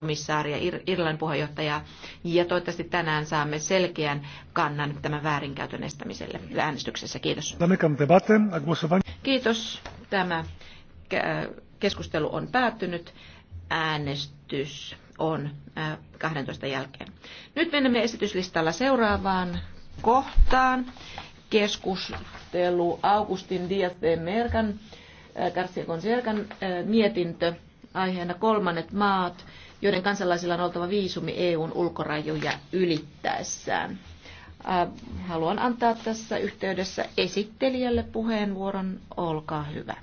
komissaaria, Irlannin puheenjohtaja. ja toivottavasti tänään saamme selkeän kannan tämän väärinkäytön estämiselle äänestyksessä. Kiitos. Kiitos. Tämä keskustelu on päättynyt. Äänestys on 12 jälkeen. Nyt menemme esityslistalla seuraavaan kohtaan. Keskustelu Augustin Diaz de Merkan, Garcia Consercan mietintö aiheena kolmannet maat, joiden kansalaisilla on oltava viisumi EUn ulkorajoja ylittäessään. Äh, haluan antaa tässä yhteydessä esittelijälle puheenvuoron. Olkaa hyvä.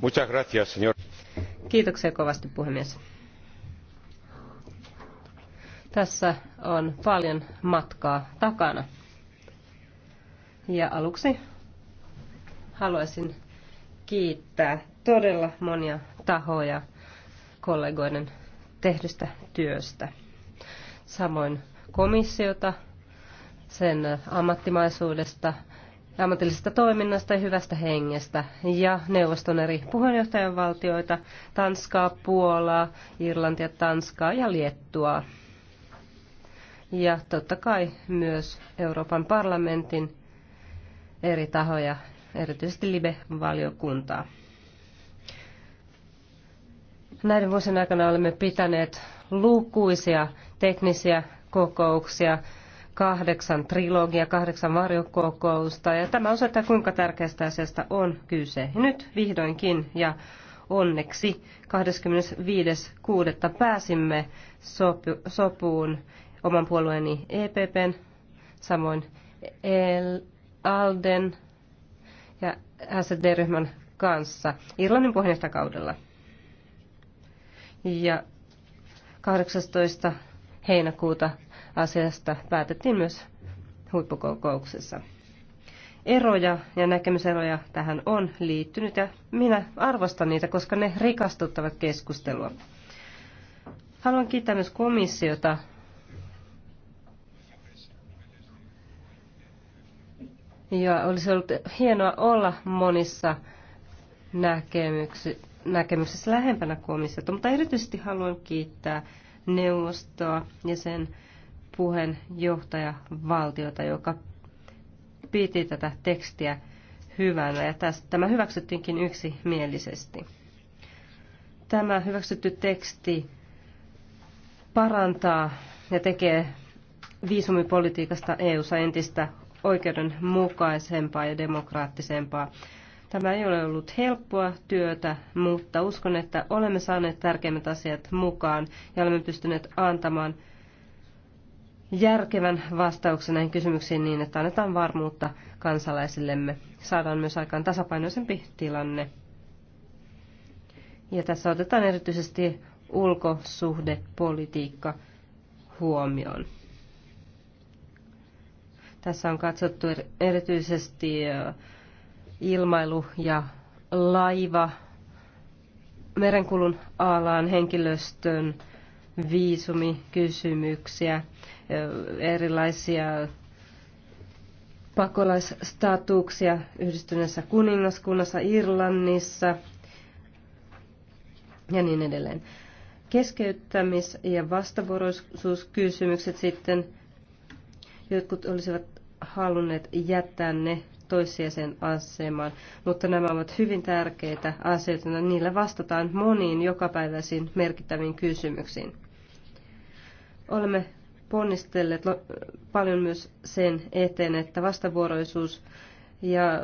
Muchas gracias, señor. Kiitoksia kovasti, puhemies. Tässä on paljon matkaa takana. Ja aluksi haluaisin kiittää todella monia tahoja kollegoiden tehdystä työstä. Samoin komissiota sen ammattimaisuudesta, ammatillisesta toiminnasta ja hyvästä hengestä ja neuvoston eri puheenjohtajavaltioita, Tanskaa, Puolaa, Irlantia, Tanskaa ja Liettua. Ja totta kai myös Euroopan parlamentin eri tahoja, erityisesti Libe-valiokuntaa. Näiden vuosien aikana olemme pitäneet lukuisia teknisiä kokouksia, kahdeksan trilogia, kahdeksan varjokokousta ja tämä osoittaa kuinka tärkeästä asiasta on kyse. nyt vihdoinkin ja onneksi 25.6. pääsimme sopu, sopuun oman puolueeni EPPn, samoin El, ALDEn ja SD-ryhmän kanssa Irlannin puheenjohtajakaudella ja 18. heinäkuuta asiasta päätettiin myös huippukokouksessa. Eroja ja näkemyseroja tähän on liittynyt ja minä arvostan niitä, koska ne rikastuttavat keskustelua. Haluan kiittää myös komissiota Ja olisi ollut hienoa olla monissa näkemyksissä näkemyksessä lähempänä komissiota, mutta erityisesti haluan kiittää neuvostoa ja sen puheenjohtajavaltiota, joka piti tätä tekstiä hyvänä ja tästä, tämä hyväksyttiinkin yksimielisesti. Tämä hyväksytty teksti parantaa ja tekee viisumipolitiikasta EU-ssa entistä oikeudenmukaisempaa ja demokraattisempaa. Tämä ei ole ollut helppoa työtä, mutta uskon, että olemme saaneet tärkeimmät asiat mukaan ja olemme pystyneet antamaan järkevän vastauksen näihin kysymyksiin niin, että annetaan varmuutta kansalaisillemme. Saadaan myös aikaan tasapainoisempi tilanne. Ja tässä otetaan erityisesti ulkosuhdepolitiikka huomioon. Tässä on katsottu erityisesti ilmailu- ja laiva merenkulun alaan henkilöstön viisumikysymyksiä, erilaisia pakolaisstatuksia yhdistyneessä kuningaskunnassa, Irlannissa ja niin edelleen. Keskeyttämis- ja vastavuoroisuuskysymykset sitten, jotkut olisivat halunneet jättää ne toissijaisen aseman, mutta nämä ovat hyvin tärkeitä asioita, ja niillä vastataan moniin jokapäiväisiin merkittäviin kysymyksiin. Olemme ponnistelleet paljon myös sen eteen, että vastavuoroisuus ja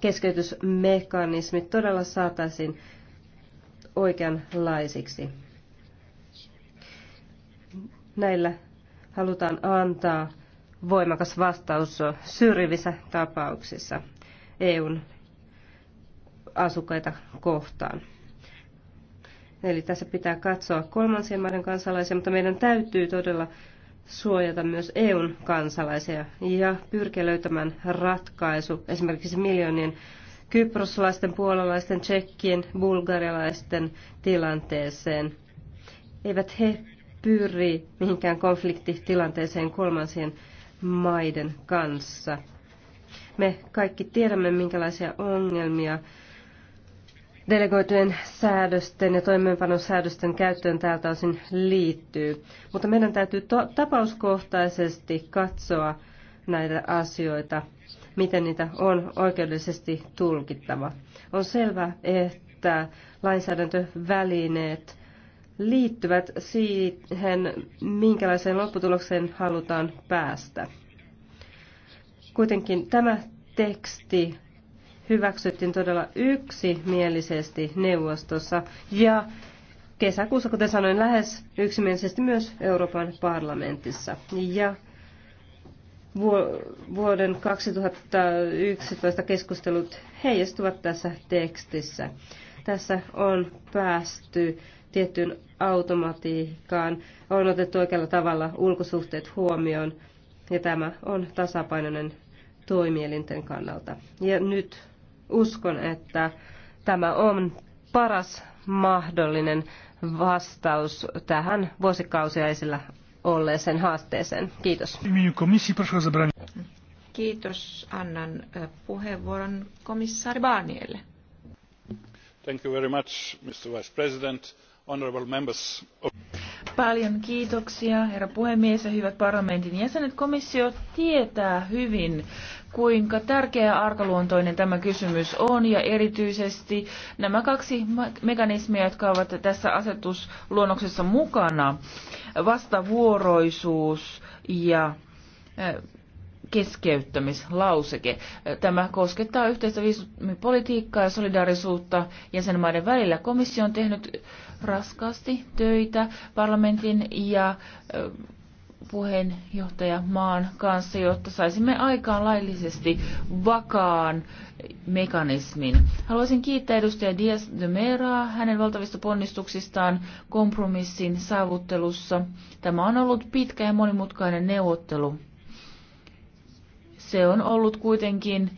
keskeytysmekanismit todella saataisiin oikeanlaisiksi. Näillä halutaan antaa voimakas vastaus syrjivissä tapauksissa EUn asukkaita kohtaan. Eli tässä pitää katsoa kolmansien maiden kansalaisia, mutta meidän täytyy todella suojata myös EUn kansalaisia ja pyrkiä löytämään ratkaisu esimerkiksi miljoonien kyproslaisten, puolalaisten, tsekkien, bulgarialaisten tilanteeseen. Eivät he pyri mihinkään konfliktitilanteeseen kolmansien maiden kanssa. Me kaikki tiedämme, minkälaisia ongelmia delegoitujen säädösten ja säädösten käyttöön tältä osin liittyy. Mutta meidän täytyy tapauskohtaisesti katsoa näitä asioita, miten niitä on oikeudellisesti tulkittava. On selvää, että lainsäädäntövälineet liittyvät siihen, minkälaiseen lopputulokseen halutaan päästä. Kuitenkin tämä teksti hyväksyttiin todella yksimielisesti neuvostossa ja kesäkuussa, kuten sanoin, lähes yksimielisesti myös Euroopan parlamentissa. Ja vuoden 2011 keskustelut heijastuvat tässä tekstissä. Tässä on päästy tiettyyn automatiikkaan, on otettu oikealla tavalla ulkosuhteet huomioon, ja tämä on tasapainoinen toimielinten kannalta. Ja nyt uskon, että tämä on paras mahdollinen vastaus tähän vuosikausia esillä olleeseen haasteeseen. Kiitos. Kiitos. Annan e, puheenvuoron komissaari Barnierille. Thank you very much, Mr. Vice President honourable Paljon kiitoksia, herra puhemies ja hyvät parlamentin jäsenet. Komissio tietää hyvin, kuinka tärkeä arkaluontoinen tämä kysymys on ja erityisesti nämä kaksi mekanismia, jotka ovat tässä asetusluonnoksessa mukana, vastavuoroisuus ja eh, keskeyttämislauseke. Tämä koskettaa yhteistä viisumipolitiikkaa ja solidaarisuutta jäsenmaiden välillä. Komissio on tehnyt raskaasti töitä parlamentin ja puheenjohtaja maan kanssa, jotta saisimme aikaan laillisesti vakaan mekanismin. Haluaisin kiittää edustaja Dias de Meraa hänen valtavista ponnistuksistaan kompromissin saavuttelussa. Tämä on ollut pitkä ja monimutkainen neuvottelu se on ollut kuitenkin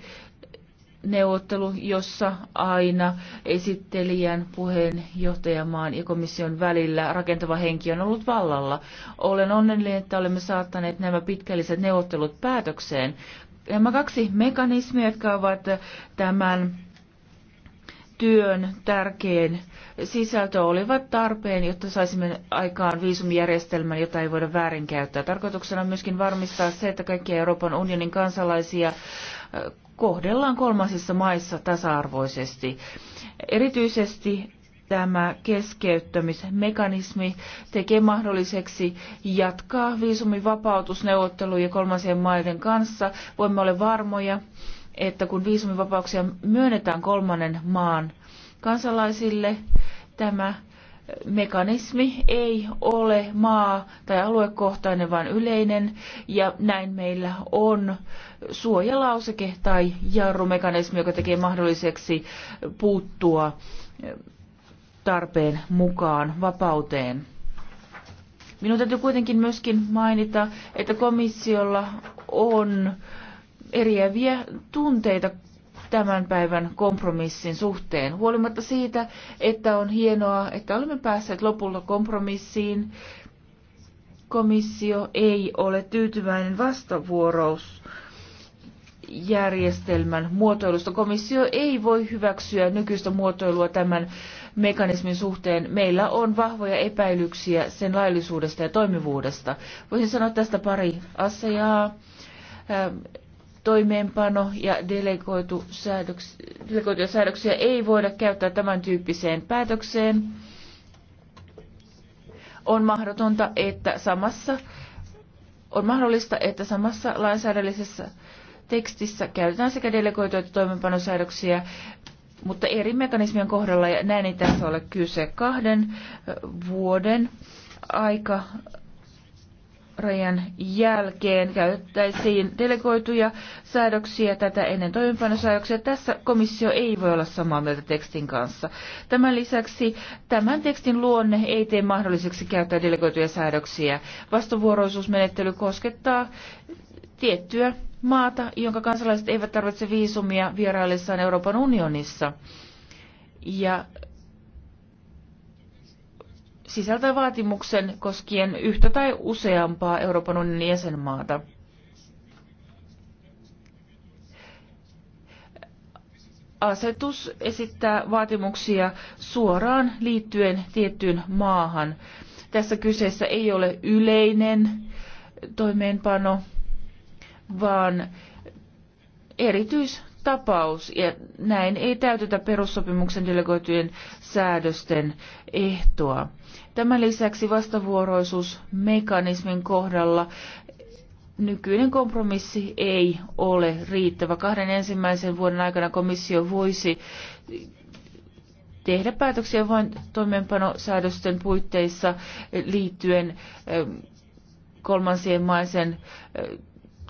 neuvottelu, jossa aina esittelijän, puheenjohtajamaan ja komission välillä rakentava henki on ollut vallalla. Olen onnellinen, että olemme saattaneet nämä pitkälliset neuvottelut päätökseen. Nämä kaksi mekanismia, jotka ovat tämän työn tärkein sisältö olivat tarpeen, jotta saisimme aikaan viisumijärjestelmän, jota ei voida väärinkäyttää. Tarkoituksena on myöskin varmistaa se, että kaikkia Euroopan unionin kansalaisia äh, kohdellaan kolmansissa maissa tasa-arvoisesti. Erityisesti tämä keskeyttämismekanismi tekee mahdolliseksi jatkaa viisumivapautusneuvotteluja kolmansien maiden kanssa. Voimme olla varmoja, että kun viisumivapauksia myönnetään kolmannen maan kansalaisille, tämä mekanismi ei ole maa- tai aluekohtainen, vaan yleinen, ja näin meillä on suojalauseke tai jarrumekanismi, joka tekee mahdolliseksi puuttua tarpeen mukaan vapauteen. Minun täytyy kuitenkin myöskin mainita, että komissiolla on eriäviä tunteita tämän päivän kompromissin suhteen. Huolimatta siitä, että on hienoa, että olemme päässeet lopulla kompromissiin, komissio ei ole tyytyväinen vastavuorous järjestelmän muotoilusta. Komissio ei voi hyväksyä nykyistä muotoilua tämän mekanismin suhteen. Meillä on vahvoja epäilyksiä sen laillisuudesta ja toimivuudesta. Voisin sanoa tästä pari asiaa toimeenpano ja delegoitu säädöks, delegoituja säädöksiä ei voida käyttää tämän tyyppiseen päätökseen. On mahdotonta, että samassa on mahdollista, että samassa lainsäädännöllisessä tekstissä käytetään sekä delegoituja että toimeenpanosäädöksiä, mutta eri mekanismien kohdalla, ja näin ei tässä ole kyse, kahden vuoden aika rajan jälkeen käyttäisiin delegoituja säädöksiä tätä ennen toimenpanosäädöksiä. Tässä komissio ei voi olla samaa mieltä tekstin kanssa. Tämän lisäksi tämän tekstin luonne ei tee mahdolliseksi käyttää delegoituja säädöksiä. Vastavuoroisuusmenettely koskettaa tiettyä maata, jonka kansalaiset eivät tarvitse viisumia vieraillessaan Euroopan unionissa. Ja sisältää vaatimuksen koskien yhtä tai useampaa Euroopan unionin jäsenmaata. Asetus esittää vaatimuksia suoraan liittyen tiettyyn maahan. Tässä kyseessä ei ole yleinen toimeenpano, vaan erityistapaus, ja näin ei täytetä perussopimuksen delegoitujen säädösten ehtoa. Tämän lisäksi vastavuoroisuusmekanismin kohdalla nykyinen kompromissi ei ole riittävä. Kahden ensimmäisen vuoden aikana komissio voisi tehdä päätöksiä vain toimeenpanosäädösten puitteissa liittyen ähm, kolmansien maisen äh,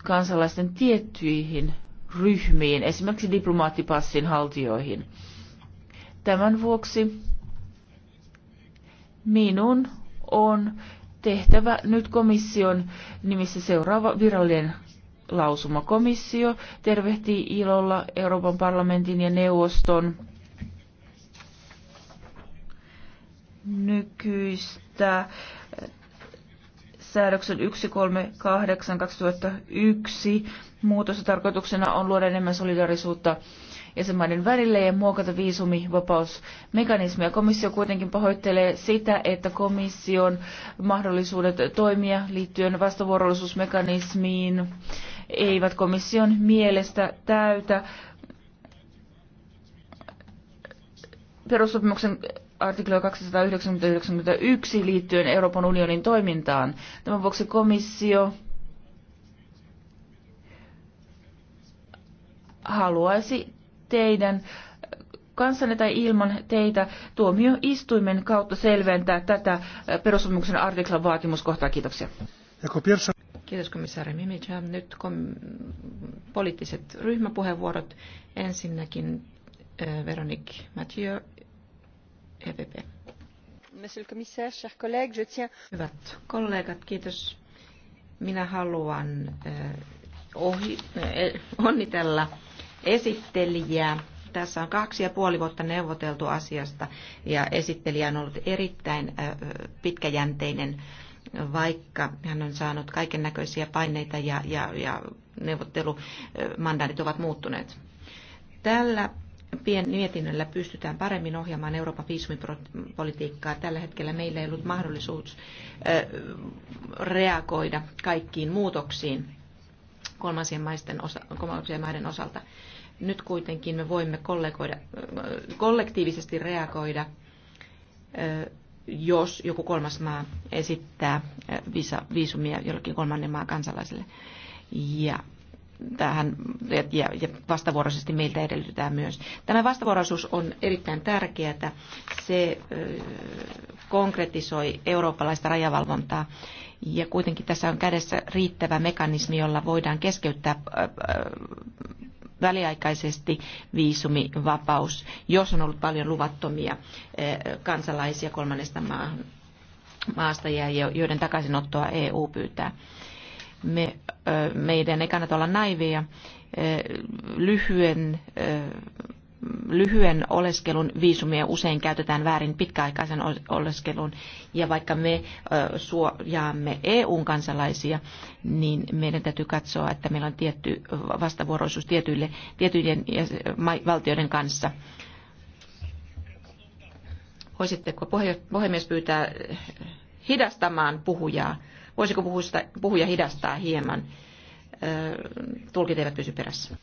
kansalaisten tiettyihin ryhmiin, esimerkiksi diplomaattipassin haltijoihin. Tämän vuoksi minun on tehtävä nyt komission nimissä seuraava virallinen lausuma. Komissio tervehtii ilolla Euroopan parlamentin ja neuvoston nykyistä eh, säädöksen 138-2001 muutosta tarkoituksena on luoda enemmän solidarisuutta jäsenmaiden välillä ja muokata viisumivapausmekanismia. Komissio kuitenkin pahoittelee sitä, että komission mahdollisuudet toimia liittyen vastavuoroisuusmekanismiin eivät komission mielestä täytä perussopimuksen artikla 291 liittyen Euroopan unionin toimintaan. Tämän vuoksi komissio haluaisi teidän kanssanne tai ilman teitä tuomioistuimen kautta selventää tätä perussopimuksen artiklan vaatimuskohtaa. Kiitoksia. Kiitos komissaari Mimicha. Nyt kom- poliittiset ryhmäpuheenvuorot. Ensinnäkin äh, Veronique Mathieu, EPP. Monsieur le commissaire, chers collègues, je tiens... Hyvät kollegat, kiitos. Minä haluan äh, ohi, äh, onnitella äh, esittelijää. Tässä on kaksi ja puoli vuotta neuvoteltu asiasta ja esittelijä on ollut erittäin pitkäjänteinen, vaikka hän on saanut kaiken näköisiä paineita ja, ja, ja neuvottelumandaatit ovat muuttuneet. Tällä pien mietinnöllä pystytään paremmin ohjaamaan Euroopan viisumipolitiikkaa. Tällä hetkellä meillä ei ollut mahdollisuus reagoida kaikkiin muutoksiin kolmansien, maisten osa, kolmansien maiden osalta. Nyt kuitenkin me voimme äh, kollektiivisesti reagoida, äh, jos joku kolmas maa esittää äh, viisumia jollekin kolmannen maan kansalaiselle. Ja tähän ja, ja vastavuoroisesti meiltä edellytetään myös. Tämä vastavuoroisuus on erittäin tärkeää. Se konkretisoi eurooppalaista rajavalvontaa ja kuitenkin tässä on kädessä riittävä mekanismi, jolla voidaan keskeyttää väliaikaisesti viisumivapaus, jos on ollut paljon luvattomia kansalaisia kolmannesta maasta ja joiden takaisinottoa EU pyytää me, meidän ei kannata olla naiveja. Lyhyen, lyhyen oleskelun viisumia usein käytetään väärin pitkäaikaisen oleskelun. Ja vaikka me suojaamme eu kansalaisia, niin meidän täytyy katsoa, että meillä on tietty vastavuoroisuus tietyille, tietyiden valtioiden kanssa. Voisitteko puhemies pyytää hidastamaan puhujaa? Voisiko puhuja hidastaa hieman? Tulkit eivät pysy perässä.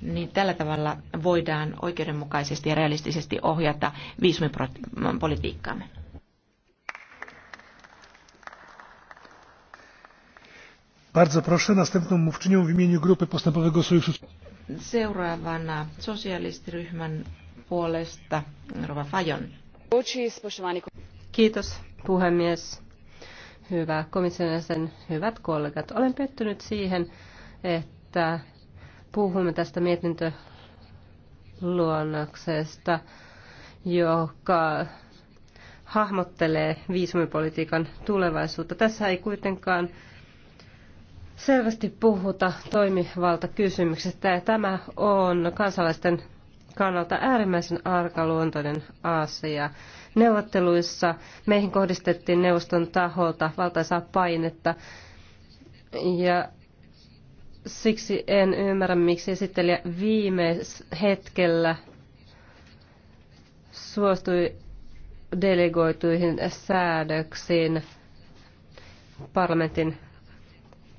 Niin tällä tavalla voidaan oikeudenmukaisesti ja realistisesti ohjata viisumipolitiikkaamme. Bardzo proszę następną mówczynią w imieniu Grupy Postępowego Sojuszu. Seuraavana sosialistiryhmän puolesta Rova Fajon. Kiitos puhemies, hyvä komission jäsen, hyvät kollegat. Olen pettynyt siihen, että puhumme tästä mietintöluonnoksesta, joka hahmottelee viisumipolitiikan tulevaisuutta. Tässä ei kuitenkaan selvästi puhuta toimivaltakysymyksestä ja tämä on kansalaisten kannalta äärimmäisen arkaluontoinen asia. Neuvotteluissa meihin kohdistettiin neuvoston taholta valtaisaa painetta ja siksi en ymmärrä, miksi esittelijä viime hetkellä suostui delegoituihin säädöksiin parlamentin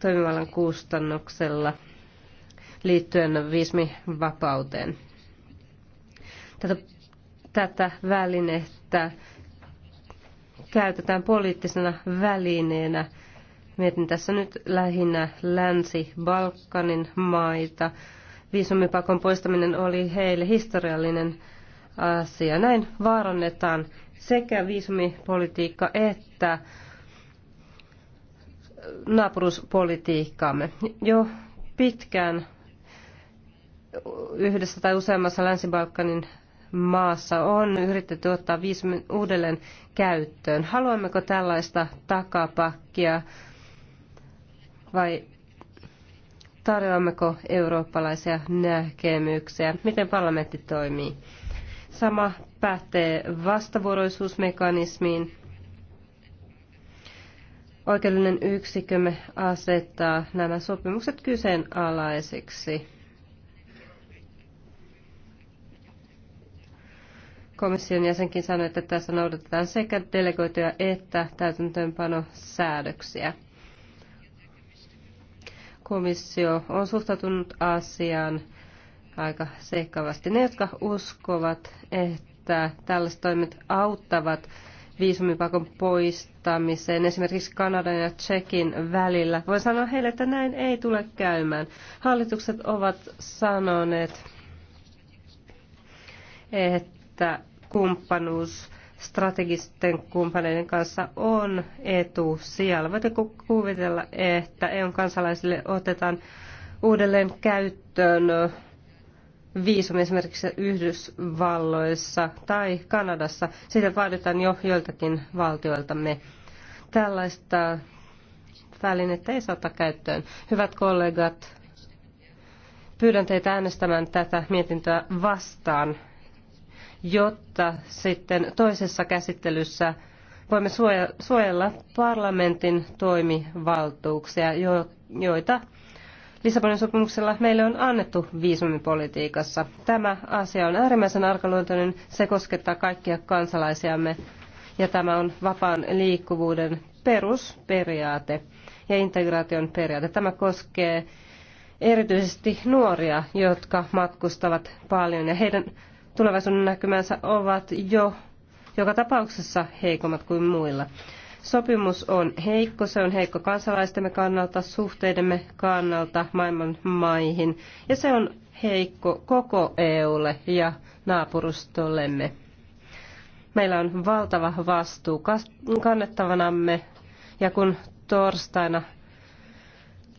toimivallan kustannuksella liittyen viismivapauteen tätä, tätä välinettä käytetään poliittisena välineenä. Mietin tässä nyt lähinnä Länsi-Balkanin maita. Viisumipakon poistaminen oli heille historiallinen asia. Näin vaarannetaan sekä viisumipolitiikka että naapuruspolitiikkaamme. Jo pitkään yhdessä tai useammassa Länsi-Balkanin maassa on yritetty ottaa viisumin uudelleen käyttöön. Haluammeko tällaista takapakkia vai tarjoammeko eurooppalaisia näkemyksiä? Miten parlamentti toimii? Sama pätee vastavuoroisuusmekanismiin. Oikeudellinen yksikkömme asettaa nämä sopimukset kyseenalaisiksi. komission jäsenkin sanoi, että tässä noudatetaan sekä delegoituja että täytäntöönpanosäädöksiä. Komissio on suhtautunut asiaan aika seikkaavasti. Ne, jotka uskovat, että tällaiset toimet auttavat viisumipakon poistamiseen esimerkiksi Kanadan ja Tsekin välillä, voin sanoa heille, että näin ei tule käymään. Hallitukset ovat sanoneet, että että kumppanuus strategisten kumppaneiden kanssa on etu siellä. Voitte kuvitella, että EUn kansalaisille otetaan uudelleen käyttöön viisum esimerkiksi Yhdysvalloissa tai Kanadassa. Sitä vaaditaan jo joiltakin valtioiltamme. Tällaista välinettä ei saata käyttöön. Hyvät kollegat, pyydän teitä äänestämään tätä mietintöä vastaan jotta sitten toisessa käsittelyssä voimme suojella parlamentin toimivaltuuksia, joita Lissabonin sopimuksella meille on annettu viisumipolitiikassa. Tämä asia on äärimmäisen arkaluontoinen, se koskettaa kaikkia kansalaisiamme ja tämä on vapaan liikkuvuuden perusperiaate ja integraation periaate. Tämä koskee erityisesti nuoria, jotka matkustavat paljon ja heidän tulevaisuuden näkymänsä ovat jo joka tapauksessa heikommat kuin muilla. Sopimus on heikko, se on heikko kansalaistemme kannalta, suhteidemme kannalta maailman maihin ja se on heikko koko EUlle ja naapurustollemme. Meillä on valtava vastuu kannettavanamme ja kun torstaina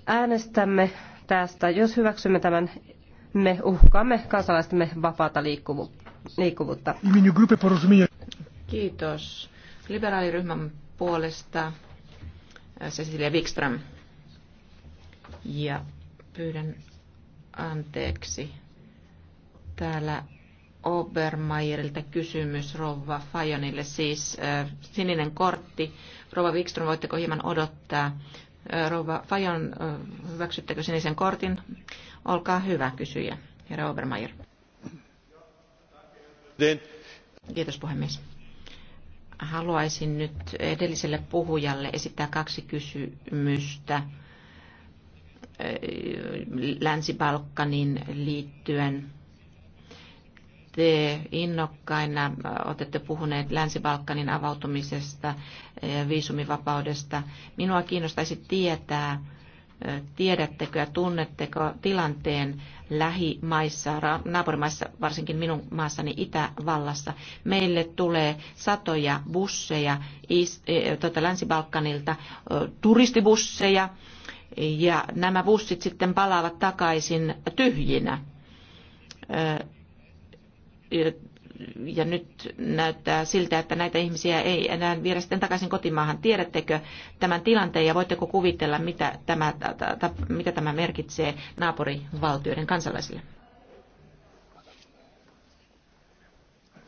äänestämme tästä, jos hyväksymme tämän me uhkaamme kansalaistemme vapaata liikkuvuutta. Kiitos. Liberaaliryhmän puolesta äh, Cecilia Wikström. Ja pyydän anteeksi. Täällä Obermeierilta kysymys Rova Fajonille, siis äh, sininen kortti. Rova Wikström, voitteko hieman odottaa? Äh, Rova Fajon, äh, hyväksyttekö sinisen kortin? Olkaa hyvä, kysyjä, herra Obermeier. Kiitos puhemies. Haluaisin nyt edelliselle puhujalle esittää kaksi kysymystä eh, Länsi-Balkanin liittyen te innokkaina olette puhuneet Länsi-Balkanin avautumisesta ja viisumivapaudesta. Minua kiinnostaisi tietää, Tiedättekö ja tunnetteko tilanteen lähimaissa, naapurimaissa, varsinkin minun maassani Itävallassa? Meille tulee satoja busseja e, tuota, Länsi-Balkanilta, turistibusseja, ja nämä bussit sitten palaavat takaisin tyhjinä ja nyt näyttää siltä, että näitä ihmisiä ei enää viedä sitten takaisin kotimaahan. Tiedättekö tämän tilanteen ja voitteko kuvitella, mitä tämä, mitä tämä merkitsee naapurivaltioiden kansalaisille?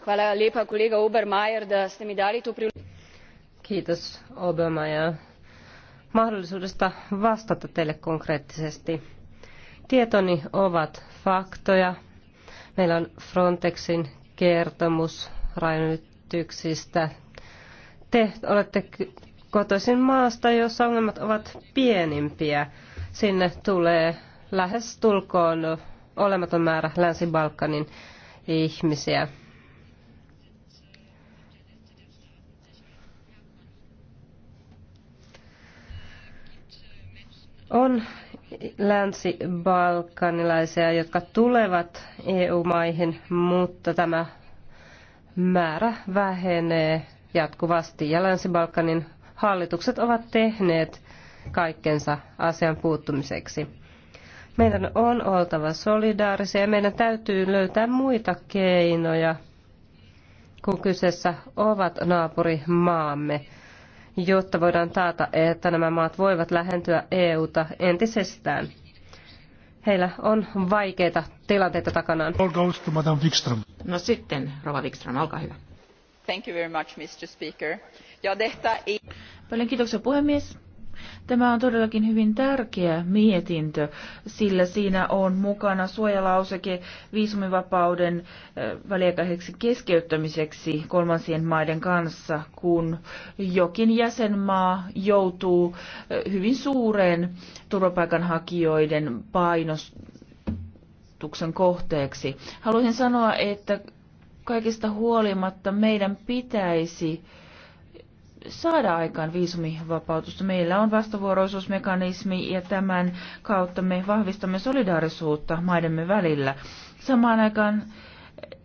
Hvala lepa kolega Kiitos Obermeier mahdollisuudesta vastata teille konkreettisesti. Tietoni ovat faktoja. Meillä on Frontexin kertomus rajoituksista. Te olette kotoisin maasta, jossa ongelmat ovat pienimpiä. Sinne tulee lähes tulkoon olematon määrä Länsi-Balkanin ihmisiä. On länsi-balkanilaisia, jotka tulevat EU-maihin, mutta tämä määrä vähenee jatkuvasti. Ja länsi-Balkanin hallitukset ovat tehneet kaikkensa asian puuttumiseksi. Meidän on oltava solidaarisia ja meidän täytyy löytää muita keinoja, kun kyseessä ovat naapurimaamme. maamme jotta voidaan taata, että nämä maat voivat lähentyä EUta entisestään. Heillä on vaikeita tilanteita takanaan. No sitten, Rova Wikström, olkaa hyvä. Thank you very much, Mr. Speaker. Ja detta i... Paljon kiitoksia puhemies. Tämä on todellakin hyvin tärkeä mietintö, sillä siinä on mukana suojalauseke viisumivapauden väliaikaiseksi keskeyttämiseksi kolmansien maiden kanssa, kun jokin jäsenmaa joutuu hyvin suureen turvapaikanhakijoiden painostuksen kohteeksi. Haluaisin sanoa, että kaikista huolimatta meidän pitäisi saada aikaan viisumivapautusta. Meillä on vastavuoroisuusmekanismi ja tämän kautta me vahvistamme solidaarisuutta maidemme välillä. Samaan aikaan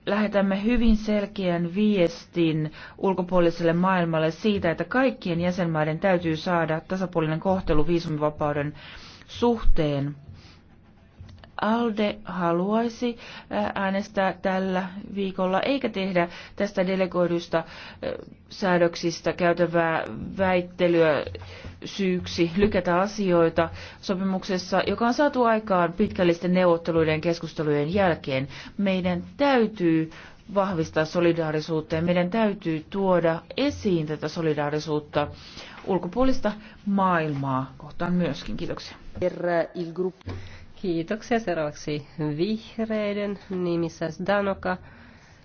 lähetämme hyvin selkeän viestin ulkopuoliselle maailmalle siitä, että kaikkien jäsenmaiden täytyy saada tasapuolinen kohtelu viisumivapauden suhteen. ALDE haluaisi äh, äänestää tällä viikolla eikä tehdä tästä delegoidusta äh, säädöksistä käytävää väittelyä syyksi lykätä asioita sopimuksessa, joka on saatu aikaan pitkällisten neuvotteluiden keskustelujen jälkeen. Meidän täytyy vahvistaa solidaarisuutta ja meidän täytyy tuoda esiin tätä solidaarisuutta ulkopuolista maailmaa kohtaan myöskin. Kiitoksia. Kiitoksia. Seuraavaksi vihreiden nimissä Danoka.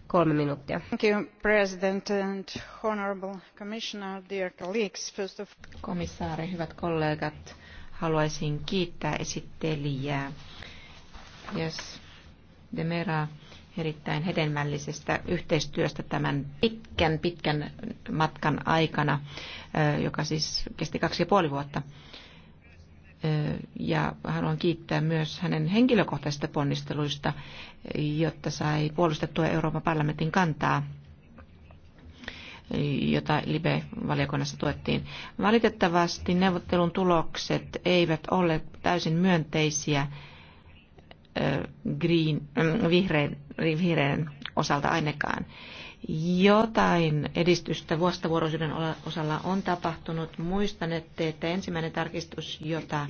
Kolme minuuttia. Thank you, President and Honorable Commissioner, dear colleagues. First of... Komissaari, hyvät kollegat, haluaisin kiittää esittelijää. Yes, Demera erittäin hedelmällisestä yhteistyöstä tämän pitkän, pitkän matkan aikana, joka siis kesti kaksi ja puoli vuotta ja haluan kiittää myös hänen henkilökohtaisista ponnisteluista, jotta sai puolustettua Euroopan parlamentin kantaa jota Libe-valiokunnassa tuettiin. Valitettavasti neuvottelun tulokset eivät ole täysin myönteisiä green, vihreän, vihreän osalta ainakaan. Jotain edistystä vastavuoroisuuden osalla on tapahtunut. Muistan, että, että ensimmäinen tarkistus, jota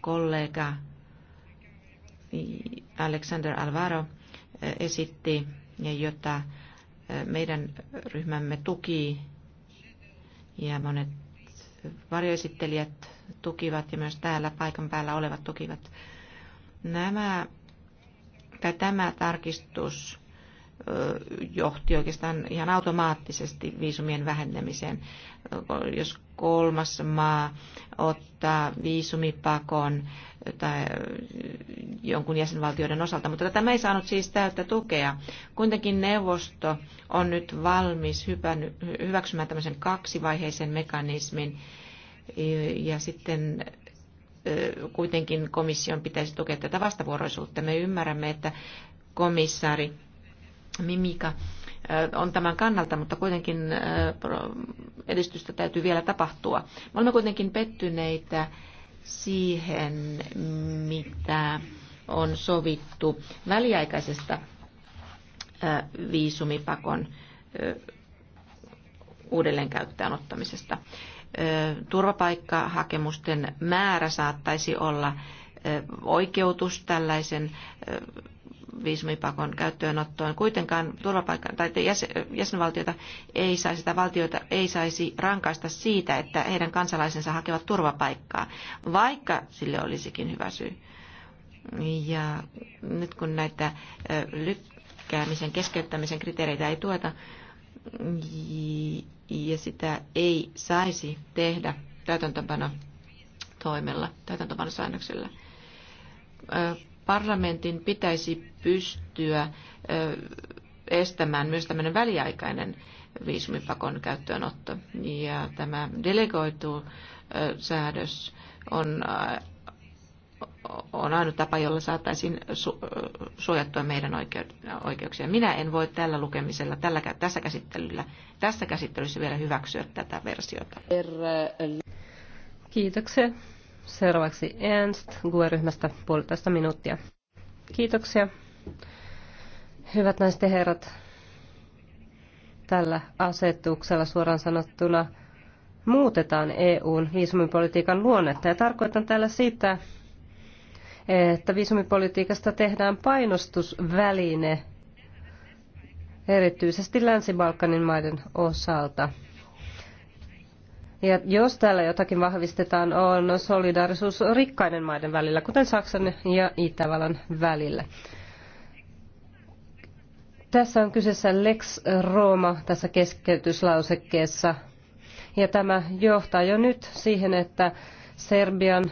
kollega Alexander Alvaro eh, esitti ja jota eh, meidän ryhmämme tuki ja monet varjoesittelijät tukivat ja myös täällä paikan päällä olevat tukivat. Nämä, tai tämä tarkistus johti oikeastaan ihan automaattisesti viisumien vähentämiseen. Jos kolmas maa ottaa viisumipakon tai jonkun jäsenvaltioiden osalta, mutta tämä ei saanut siis täyttä tukea. Kuitenkin neuvosto on nyt valmis hyväksymään tämmöisen kaksivaiheisen mekanismin ja sitten kuitenkin komission pitäisi tukea tätä vastavuoroisuutta. Me ymmärrämme, että komissaari Mimika on tämän kannalta, mutta kuitenkin edistystä täytyy vielä tapahtua. Me olemme kuitenkin pettyneitä siihen, mitä on sovittu väliaikaisesta viisumipakon uudelleenkäyttöön ottamisesta. Turvapaikkahakemusten määrä saattaisi olla oikeutus tällaisen viisumipakon käyttöönottoon. Kuitenkaan turvapaikka- tai jäsenvaltioita ei saisi, sitä valtioita ei saisi rankaista siitä, että heidän kansalaisensa hakevat turvapaikkaa, vaikka sille olisikin hyvä syy. Ja nyt kun näitä lykkäämisen, keskeyttämisen kriteereitä ei tueta ja sitä ei saisi tehdä täytäntöpano toimella, täytäntöpanosäännöksellä Parlamentin pitäisi pystyä estämään myös tämmöinen väliaikainen viisumipakon käyttöönotto. Ja tämä delegoitu säädös on, on ainut tapa, jolla saataisiin su, suojattua meidän oikeuksia. Minä en voi tällä lukemisella, tällä, tässä, käsittelyllä, tässä käsittelyssä vielä hyväksyä tätä versiota. Kiitoksia. Seuraavaksi Ernst GUE-ryhmästä puolitoista minuuttia. Kiitoksia. Hyvät naiset ja herrat, tällä asetuksella suoraan sanottuna muutetaan EUn viisumipolitiikan luonnetta. Ja tarkoitan täällä sitä, että viisumipolitiikasta tehdään painostusväline erityisesti Länsi-Balkanin maiden osalta – ja jos täällä jotakin vahvistetaan, on solidaarisuus rikkaiden maiden välillä, kuten Saksan ja Itävallan välillä. Tässä on kyseessä Lex Roma tässä keskeytyslausekkeessa. Ja tämä johtaa jo nyt siihen, että Serbian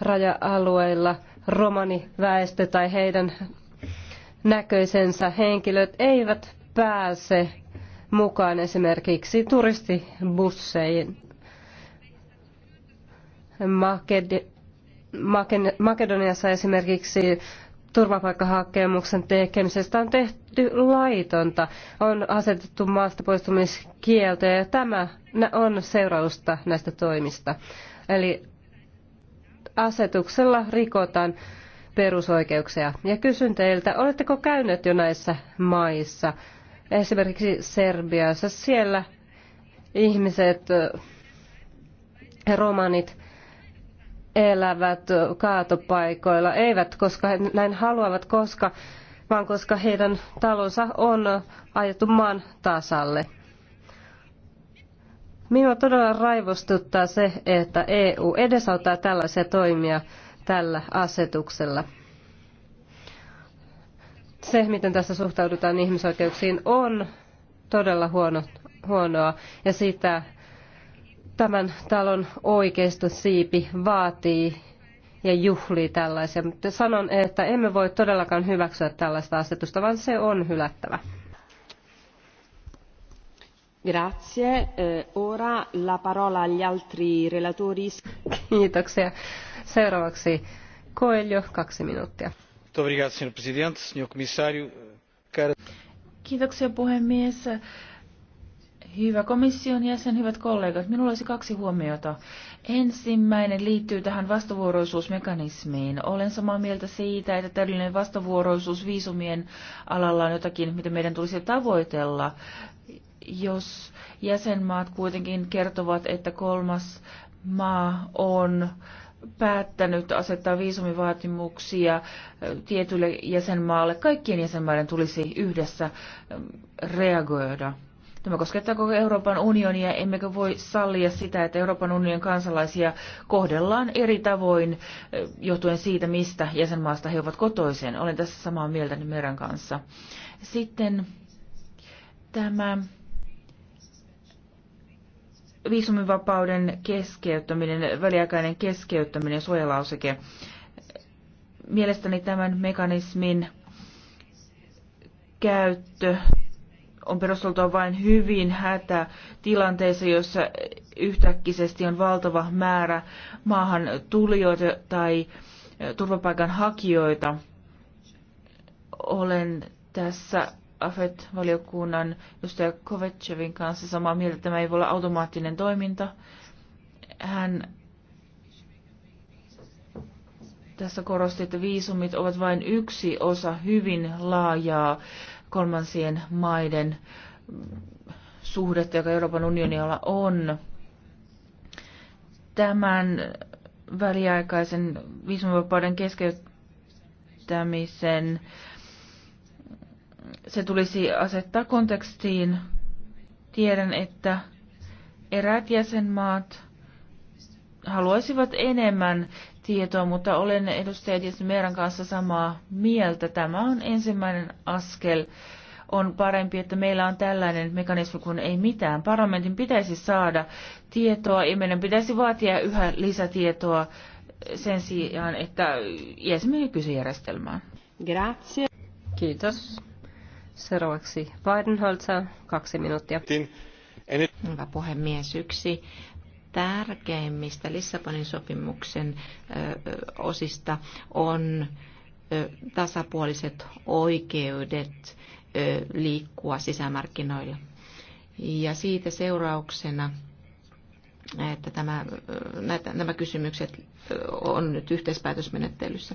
raja-alueilla romaniväestö tai heidän näköisensä henkilöt eivät pääse mukaan esimerkiksi turistibusseihin. Makedoniassa esimerkiksi turvapaikkahakemuksen tekemisestä on tehty laitonta, on asetettu maasta ja tämä on seurausta näistä toimista. Eli asetuksella rikotaan perusoikeuksia. Ja kysyn teiltä, oletteko käyneet jo näissä maissa, esimerkiksi Serbiassa, siellä ihmiset, romanit, elävät kaatopaikoilla, eivät koska he näin haluavat, koska, vaan koska heidän talonsa on ajettu maan tasalle. Minua todella raivostuttaa se, että EU edesauttaa tällaisia toimia tällä asetuksella. Se, miten tässä suhtaudutaan ihmisoikeuksiin, on todella huono, huonoa ja sitä tämän talon oikeiston siipi vaatii ja juhlii tällaisia. Mutta sanon, että emme voi todellakaan hyväksyä tällaista asetusta, vaan se on hylättävä. Grazie. Eh, ora la parola agli altri relatori. Kiitoksia. Seuraavaksi Coelho, kaksi minuuttia. Obrigado, signor Presidente, signor Commissario. Kiitoksia puhemies. Hyvä komission jäsen, hyvät kollegat, minulla olisi kaksi huomiota. Ensimmäinen liittyy tähän vastavuoroisuusmekanismiin. Olen samaa mieltä siitä, että täydellinen vastavuoroisuus viisumien alalla on jotakin, mitä meidän tulisi tavoitella. Jos jäsenmaat kuitenkin kertovat, että kolmas maa on päättänyt asettaa viisumivaatimuksia tietylle jäsenmaalle, kaikkien jäsenmaiden tulisi yhdessä ähm, reagoida Tämä koskettaa koko Euroopan unionia, emmekö voi sallia sitä, että Euroopan unionin kansalaisia kohdellaan eri tavoin eh, johtuen siitä, mistä jäsenmaasta he ovat kotoisin. Olen tässä samaa mieltä Meren kanssa. Sitten tämä viisumivapauden keskeyttäminen, väliaikainen keskeyttäminen, suojalauseke. Mielestäni tämän mekanismin käyttö on perusteltua vain hyvin hätä tilanteessa, jossa yhtäkkisesti on valtava määrä maahan tulijoita tai turvapaikanhakijoita. Olen tässä AFET-valiokunnan edustaja Kovetsevin kanssa samaa mieltä, että tämä ei voi olla automaattinen toiminta. Hän tässä korosti, että viisumit ovat vain yksi osa hyvin laajaa kolmansien maiden suhdetta, joka Euroopan unionilla on. Tämän väliaikaisen viisumivapauden keskeyttämisen se tulisi asettaa kontekstiin. Tiedän, että eräät jäsenmaat haluaisivat enemmän tietoa, mutta olen edustaja Tietysti meidän kanssa samaa mieltä. Tämä on ensimmäinen askel. On parempi, että meillä on tällainen mekanismi kun ei mitään. Parlamentin pitäisi saada tietoa ja meidän pitäisi vaatia yhä lisätietoa sen sijaan, että jäisimme nykyisjärjestelmään. Grazie. Kiitos. Seuraavaksi Weidenholzer, kaksi minuuttia. Hyvä puhemies. Yksi tärkeimmistä Lissabonin sopimuksen osista on tasapuoliset oikeudet liikkua sisämarkkinoilla. Ja siitä seurauksena että tämä, näitä, nämä kysymykset on nyt yhteispäätösmenettelyssä.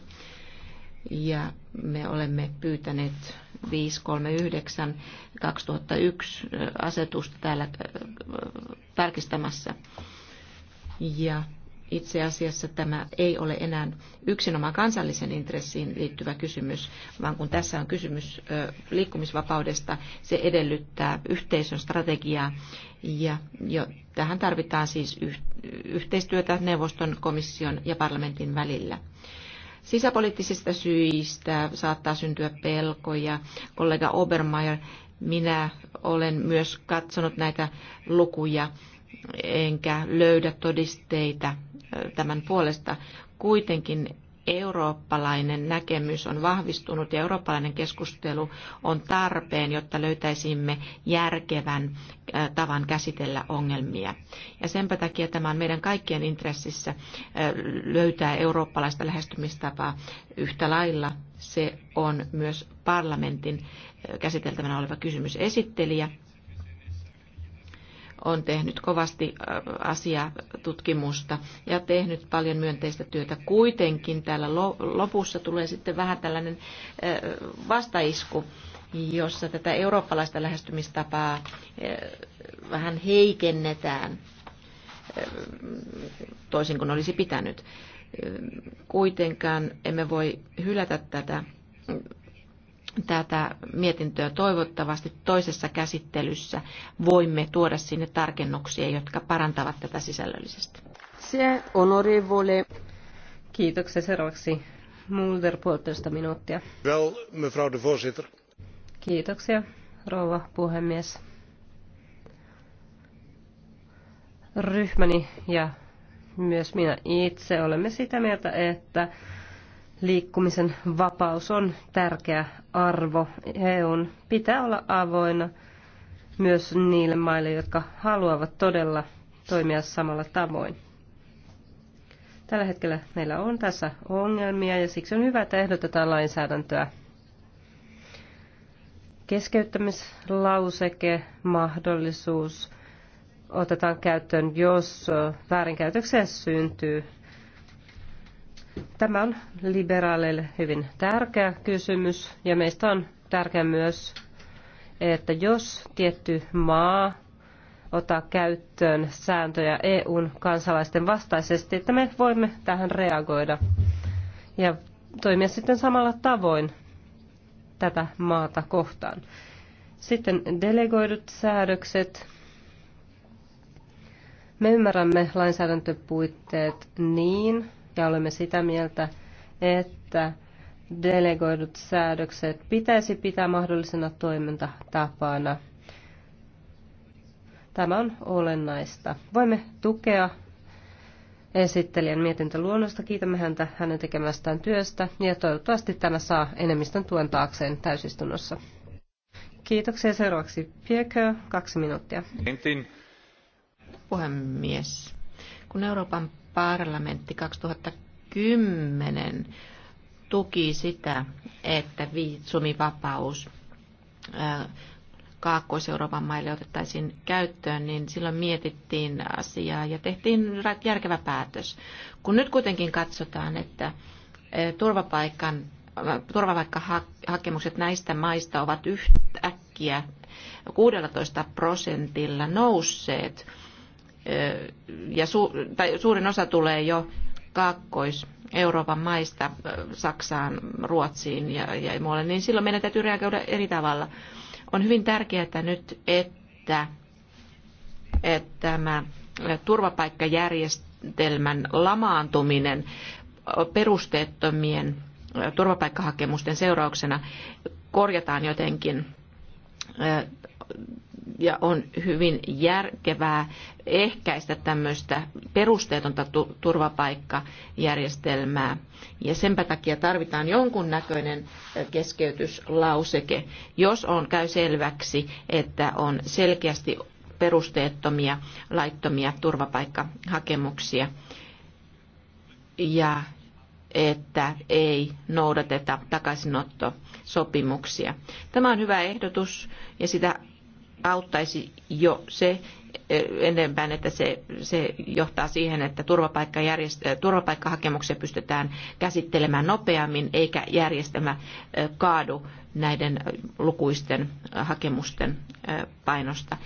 Ja me olemme pyytäneet 539 2001 asetusta täällä tarkistamassa. Ja itse asiassa tämä ei ole enää yksinomaan kansallisen intressiin liittyvä kysymys, vaan kun tässä on kysymys liikkumisvapaudesta, se edellyttää yhteisön strategiaa ja jo tähän tarvitaan siis yhteistyötä neuvoston, komission ja parlamentin välillä. Sisäpoliittisista syistä saattaa syntyä pelkoja. Kollega Obermeier, minä olen myös katsonut näitä lukuja enkä löydä todisteita tämän puolesta. Kuitenkin eurooppalainen näkemys on vahvistunut ja eurooppalainen keskustelu on tarpeen, jotta löytäisimme järkevän tavan käsitellä ongelmia. Ja senpä takia tämä on meidän kaikkien intressissä löytää eurooppalaista lähestymistapaa. Yhtä lailla se on myös parlamentin käsiteltävänä oleva kysymys esittelijä on tehnyt kovasti asiatutkimusta tutkimusta ja tehnyt paljon myönteistä työtä. Kuitenkin täällä lopussa tulee sitten vähän tällainen vastaisku, jossa tätä eurooppalaista lähestymistapaa vähän heikennetään toisin kuin olisi pitänyt. Kuitenkaan emme voi hylätä tätä tätä mietintöä toivottavasti toisessa käsittelyssä voimme tuoda sinne tarkennuksia, jotka parantavat tätä sisällöllisesti. Se onorevole. Kiitoksia seuraavaksi. Mulder puolitoista minuuttia. Well, mevrouw de voorzitter. Kiitoksia, rouva puhemies. Ryhmäni ja myös minä itse olemme sitä mieltä, että liikkumisen vapaus on tärkeä arvo. EUn pitää olla avoinna myös niille maille, jotka haluavat todella toimia samalla tavoin. Tällä hetkellä meillä on tässä ongelmia ja siksi on hyvä, että ehdotetaan lainsäädäntöä. Keskeyttämislauseke, mahdollisuus otetaan käyttöön, jos väärinkäytöksiä syntyy Tämä on liberaaleille hyvin tärkeä kysymys ja meistä on tärkeää myös, että jos tietty maa ottaa käyttöön sääntöjä EUn kansalaisten vastaisesti, että me voimme tähän reagoida ja toimia sitten samalla tavoin tätä maata kohtaan. Sitten delegoidut säädökset. Me ymmärrämme lainsäädäntöpuitteet niin, ja olemme sitä mieltä, että delegoidut säädökset pitäisi pitää mahdollisena toimintatapana. Tämä on olennaista. Voimme tukea esittelijän mietintöluonnosta. Kiitämme häntä hänen tekemästään työstä ja toivottavasti tämä saa enemmistön tuen taakseen täysistunnossa. Kiitoksia. Seuraavaksi Piekö, kaksi minuuttia. Puhemies, kun Euroopan parlamentti 2010 tuki sitä, että viitsumivapaus Kaakkois-Euroopan maille otettaisiin käyttöön, niin silloin mietittiin asiaa ja tehtiin järkevä päätös. Kun nyt kuitenkin katsotaan, että turvapaikan, turvapaikkahakemukset näistä maista ovat yhtäkkiä 16 prosentilla nousseet ja su, tai suurin osa tulee jo Kaakkois-Euroopan maista Saksaan, Ruotsiin ja, ja muualle, niin silloin meidän täytyy reagoida eri tavalla. On hyvin tärkeää nyt, että, että tämä turvapaikkajärjestelmän lamaantuminen perusteettomien turvapaikkahakemusten seurauksena korjataan jotenkin ja on hyvin järkevää ehkäistä tämmöistä perusteetonta turvapaikkajärjestelmää. Ja senpä takia tarvitaan jonkun näköinen keskeytyslauseke, jos on käy selväksi, että on selkeästi perusteettomia laittomia turvapaikkahakemuksia ja että ei noudateta takaisinottosopimuksia. Tämä on hyvä ehdotus ja sitä auttaisi jo se enempään, että se, se johtaa siihen, että turvapaikkahakemuksia pystytään käsittelemään nopeammin, eikä järjestelmä kaadu näiden lukuisten hakemusten painosta.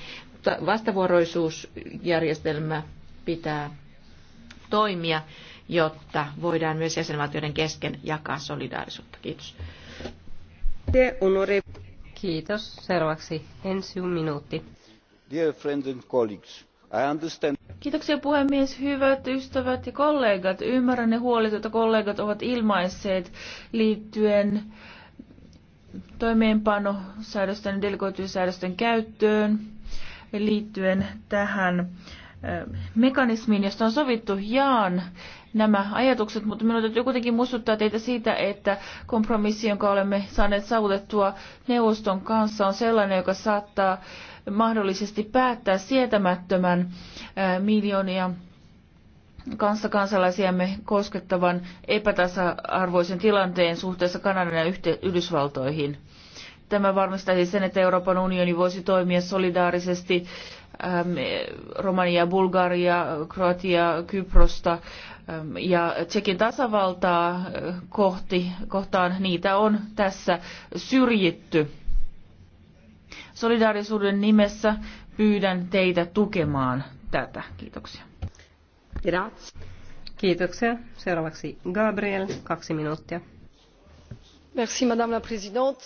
Vastavuoroisuusjärjestelmä pitää toimia, jotta voidaan myös jäsenvaltioiden kesken jakaa solidaarisuutta. Kiitos. Kiitos. Seuraavaksi ensi minuutti. Dear friends and colleagues, I understand. Kiitoksia puhemies. Hyvät ystävät ja kollegat, ymmärrän ne huolet, joita kollegat ovat ilmaisseet liittyen toimeenpanosäädösten ja delegoitujen säädösten käyttöön liittyen tähän äh, mekanismiin, josta on sovittu jaan nämä ajatukset, mutta minun täytyy kuitenkin muistuttaa teitä siitä, että kompromissi, jonka olemme saaneet saavutettua neuvoston kanssa, on sellainen, joka saattaa mahdollisesti päättää sietämättömän miljoonia kanssa kansalaisiamme koskettavan epätasa-arvoisen tilanteen suhteessa Kanadan ja Yhdysvaltoihin. Tämä varmistaisi sen, että Euroopan unioni voisi toimia solidaarisesti Romania, Bulgaria, Kroatia, Kyprosta ja Tsekin tasavaltaa kohti, kohtaan niitä on tässä syrjitty. Solidaarisuuden nimessä pyydän teitä tukemaan tätä. Kiitoksia. Grazie. Kiitoksia. Seuraavaksi Gabriel, kaksi minuuttia. Merci, madame la présidente.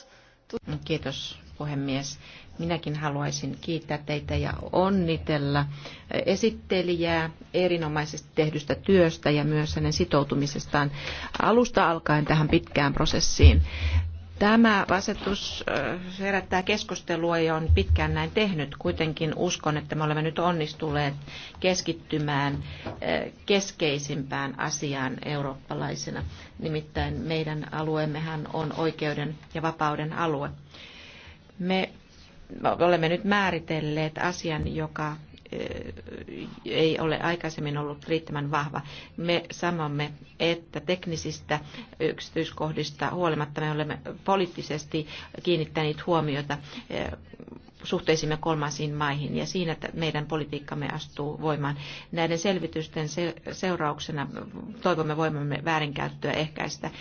Kiitos, puhemies. Minäkin haluaisin kiittää teitä ja onnitella esittelijää erinomaisesti tehdystä työstä ja myös hänen sitoutumisestaan alusta alkaen tähän pitkään prosessiin. Tämä asetus herättää keskustelua ja on pitkään näin tehnyt. Kuitenkin uskon, että me olemme nyt onnistuneet keskittymään keskeisimpään asiaan eurooppalaisena. Nimittäin meidän alueemmehan on oikeuden ja vapauden alue. Me olemme nyt määritelleet asian, joka ei ole aikaisemmin ollut riittävän vahva. Me sanomme, että teknisistä yksityiskohdista huolimatta me olemme poliittisesti kiinnittäneet huomiota suhteisimme kolmansiin maihin ja siinä että meidän politiikkamme astuu voimaan. Näiden selvitysten seurauksena toivomme voimamme väärinkäyttöä ehkäistä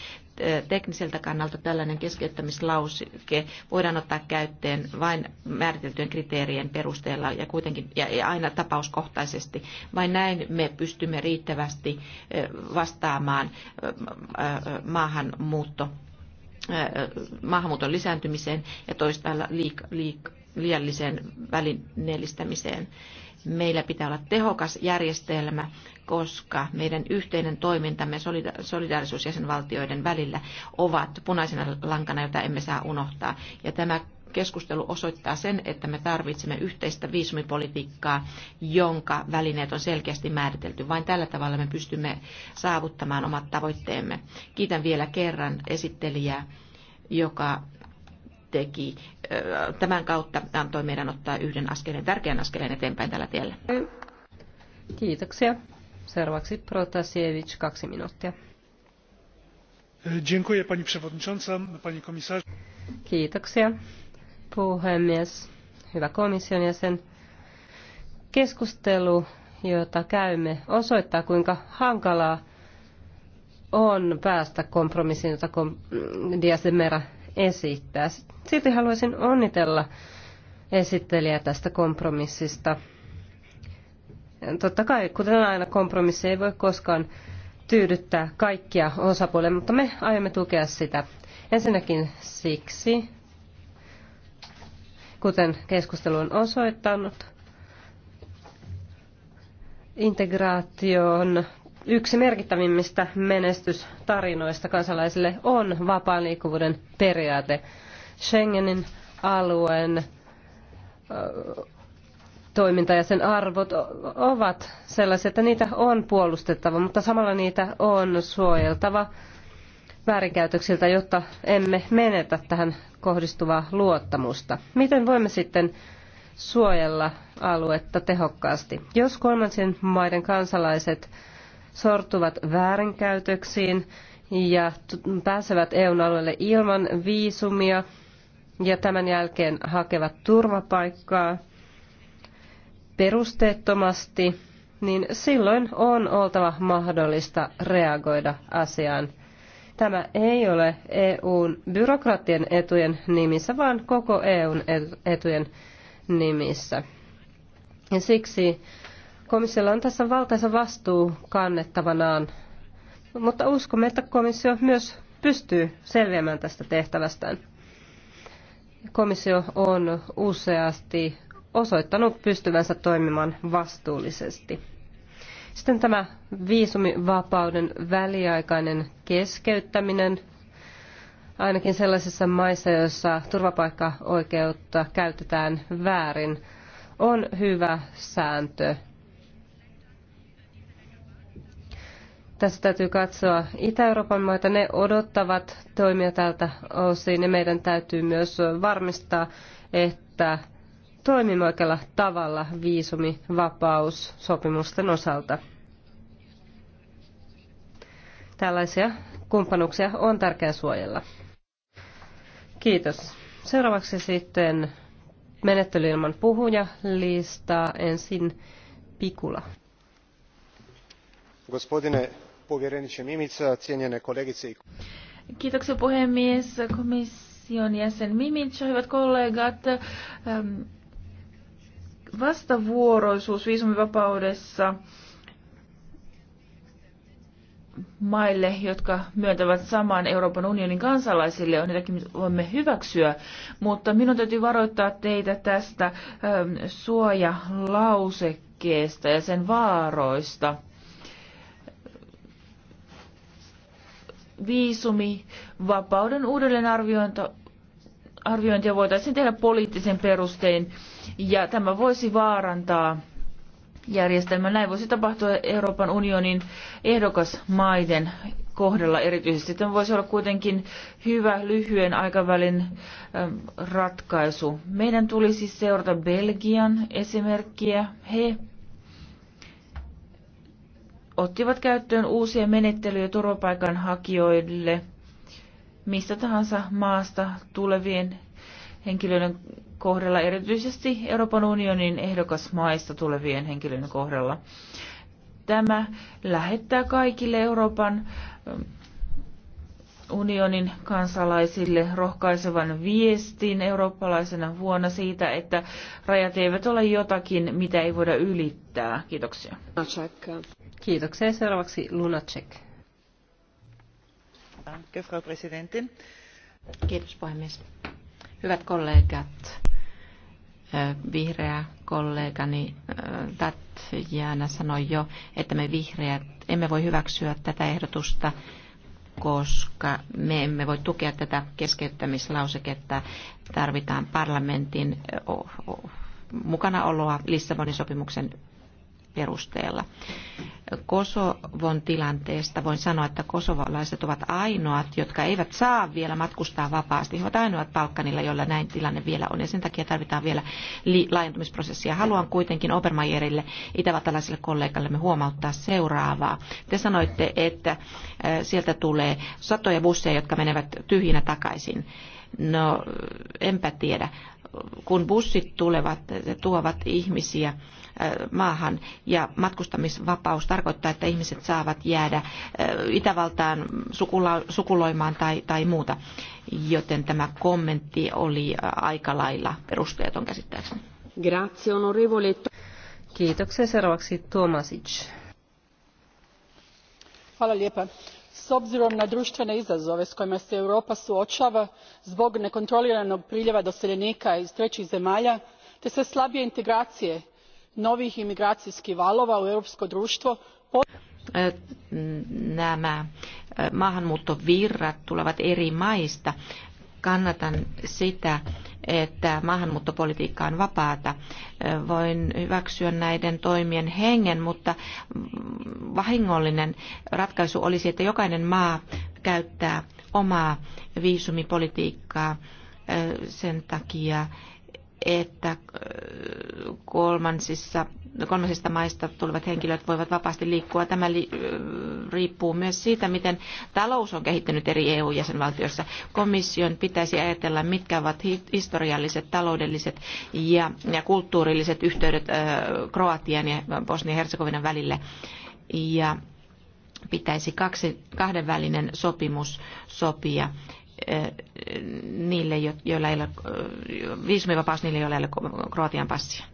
tekniseltä kannalta tällainen keskeyttämislauseke voidaan ottaa käyttöön vain määriteltyjen kriteerien perusteella ja kuitenkin ja aina tapauskohtaisesti. Vain näin me pystymme riittävästi vastaamaan maahanmuutto maahanmuuton lisääntymiseen ja toistaalla liik, liik, liialliseen välineellistämiseen. Meillä pitää olla tehokas järjestelmä, koska meidän yhteinen toimintamme solidaarisuus jäsenvaltioiden välillä ovat punaisena lankana, jota emme saa unohtaa. Ja tämä keskustelu osoittaa sen, että me tarvitsemme yhteistä viisumipolitiikkaa, jonka välineet on selkeästi määritelty. Vain tällä tavalla me pystymme saavuttamaan omat tavoitteemme. Kiitän vielä kerran esittelijää, joka teki tämän kautta antoi meidän ottaa yhden askeleen, tärkeän askeleen eteenpäin tällä tiellä. Kiitoksia. Seuraavaksi Protasiewicz, kaksi minuuttia. Dziękuję pani przewodnicząca, pani komisarz. Kiitoksia, puhemies. Hyvä komission jäsen. Keskustelu, jota käymme, osoittaa kuinka hankalaa on päästä kompromissiin, jota kom- Dias Mera esittää. Silti haluaisin onnitella esittelijä tästä kompromissista. Totta kai, kuten aina, kompromissi ei voi koskaan tyydyttää kaikkia osapuolia, mutta me aiomme tukea sitä. Ensinnäkin siksi, kuten keskustelu on osoittanut, integraation yksi merkittävimmistä menestystarinoista kansalaisille on vapaan liikkuvuuden periaate. Schengenin alueen toiminta ja sen arvot ovat sellaisia, että niitä on puolustettava, mutta samalla niitä on suojeltava väärinkäytöksiltä, jotta emme menetä tähän kohdistuvaa luottamusta. Miten voimme sitten suojella aluetta tehokkaasti? Jos kolmansien maiden kansalaiset sortuvat väärinkäytöksiin ja pääsevät EUn alueelle ilman viisumia ja tämän jälkeen hakevat turvapaikkaa, perusteettomasti, niin silloin on oltava mahdollista reagoida asiaan. Tämä ei ole EUn byrokratien etujen nimissä, vaan koko EUn etujen nimissä. Ja siksi komissiolla on tässä valtaisa vastuu kannettavanaan, mutta uskomme, että komissio myös pystyy selviämään tästä tehtävästään. Komissio on useasti osoittanut pystyvänsä toimimaan vastuullisesti. Sitten tämä viisumivapauden väliaikainen keskeyttäminen, ainakin sellaisissa maissa, joissa turvapaikkaoikeutta käytetään väärin, on hyvä sääntö. Tässä täytyy katsoa Itä-Euroopan maita. Ne odottavat toimia tältä osin ja meidän täytyy myös varmistaa, että toimimme oikealla tavalla viisumivapaussopimusten osalta. Tällaisia kumppanuuksia on tärkeää suojella. Kiitos. Seuraavaksi sitten menettely ilman puhuja listaa ensin Pikula. Gospodine povjereniče Mimica, cijenjene kolegice i Kiitoksia puhemies, komission jäsen Mimica, hyvät kollegat. Ähm, vastavuoroisuus viisumivapaudessa maille, jotka myöntävät saman Euroopan unionin kansalaisille, on jotakin, voimme hyväksyä. Mutta minun täytyy varoittaa teitä tästä ähm, suojalausekkeesta ja sen vaaroista. Viisumi, vapauden uudelleenarviointia voitaisiin tehdä poliittisen perustein ja tämä voisi vaarantaa järjestelmän Näin voisi tapahtua Euroopan unionin ehdokasmaiden kohdalla erityisesti. Tämä voisi olla kuitenkin hyvä lyhyen aikavälin ähm, ratkaisu. Meidän tulisi seurata Belgian esimerkkiä. He ottivat käyttöön uusia menettelyjä turvapaikanhakijoille mistä tahansa maasta tulevien henkilöiden kohdalla, erityisesti Euroopan unionin ehdokasmaista tulevien henkilöiden kohdalla. Tämä lähettää kaikille Euroopan ähm, unionin kansalaisille rohkaisevan viestin eurooppalaisena vuonna siitä, että rajat eivät ole jotakin, mitä ei voida ylittää. Kiitoksia. Kiitoksia. Seuraavaksi Lunacek. Kiitos puhemies. Hyvät kollegat, vihreä kollegani Tatjana sanoi jo, että me vihreät emme voi hyväksyä tätä ehdotusta, koska me emme voi tukea tätä keskeyttämislauseketta. Tarvitaan parlamentin mukanaoloa Lissabonin sopimuksen perusteella. Kosovon tilanteesta voin sanoa, että kosovalaiset ovat ainoat, jotka eivät saa vielä matkustaa vapaasti. He ovat ainoat palkkanilla, joilla näin tilanne vielä on ja sen takia tarvitaan vielä laajentumisprosessia. Haluan kuitenkin Obermeierille, itävaltalaiselle kollegallemme huomauttaa seuraavaa. Te sanoitte, että äh, sieltä tulee satoja busseja, jotka menevät tyhjinä takaisin. No, enpä tiedä. Kun bussit tulevat, tuovat ihmisiä maahan. Ja matkustamisvapaus tarkoittaa, että ihmiset saavat jäädä Itävaltaan sukuloimaan tai, tai muuta. Joten tämä kommentti oli aika lailla perusteeton käsittääkseni. Grazie, onorevole. Kiitoksia. Seuraavaksi Tomasic. Hvala lijepa s obzirom na društvene izazove s kojima se europa suočava zbog nekontroliranog priljeva doseljenika iz trećih zemalja te sve slabije integracije novih imigracijskih valova u europsko društvo nämä maahanmuuttovirrat tulevat eri maista. Kannatan sitä, että maahanmuuttopolitiikka on vapaata. Voin hyväksyä näiden toimien hengen, mutta vahingollinen ratkaisu olisi, että jokainen maa käyttää omaa viisumipolitiikkaa sen takia, että kolmansista maista tulevat henkilöt voivat vapaasti liikkua. Tämä li, riippuu myös siitä, miten talous on kehittynyt eri EU-jäsenvaltioissa. Komission pitäisi ajatella, mitkä ovat historialliset, taloudelliset ja, ja kulttuurilliset yhteydet Kroatian ja Bosnia-Herzegovinan välille. Ja pitäisi kaksi, kahdenvälinen sopimus sopia Eh, niille, joilla ei ole eh, viisumivapaus niille, joilla ei ole Kroatian passia.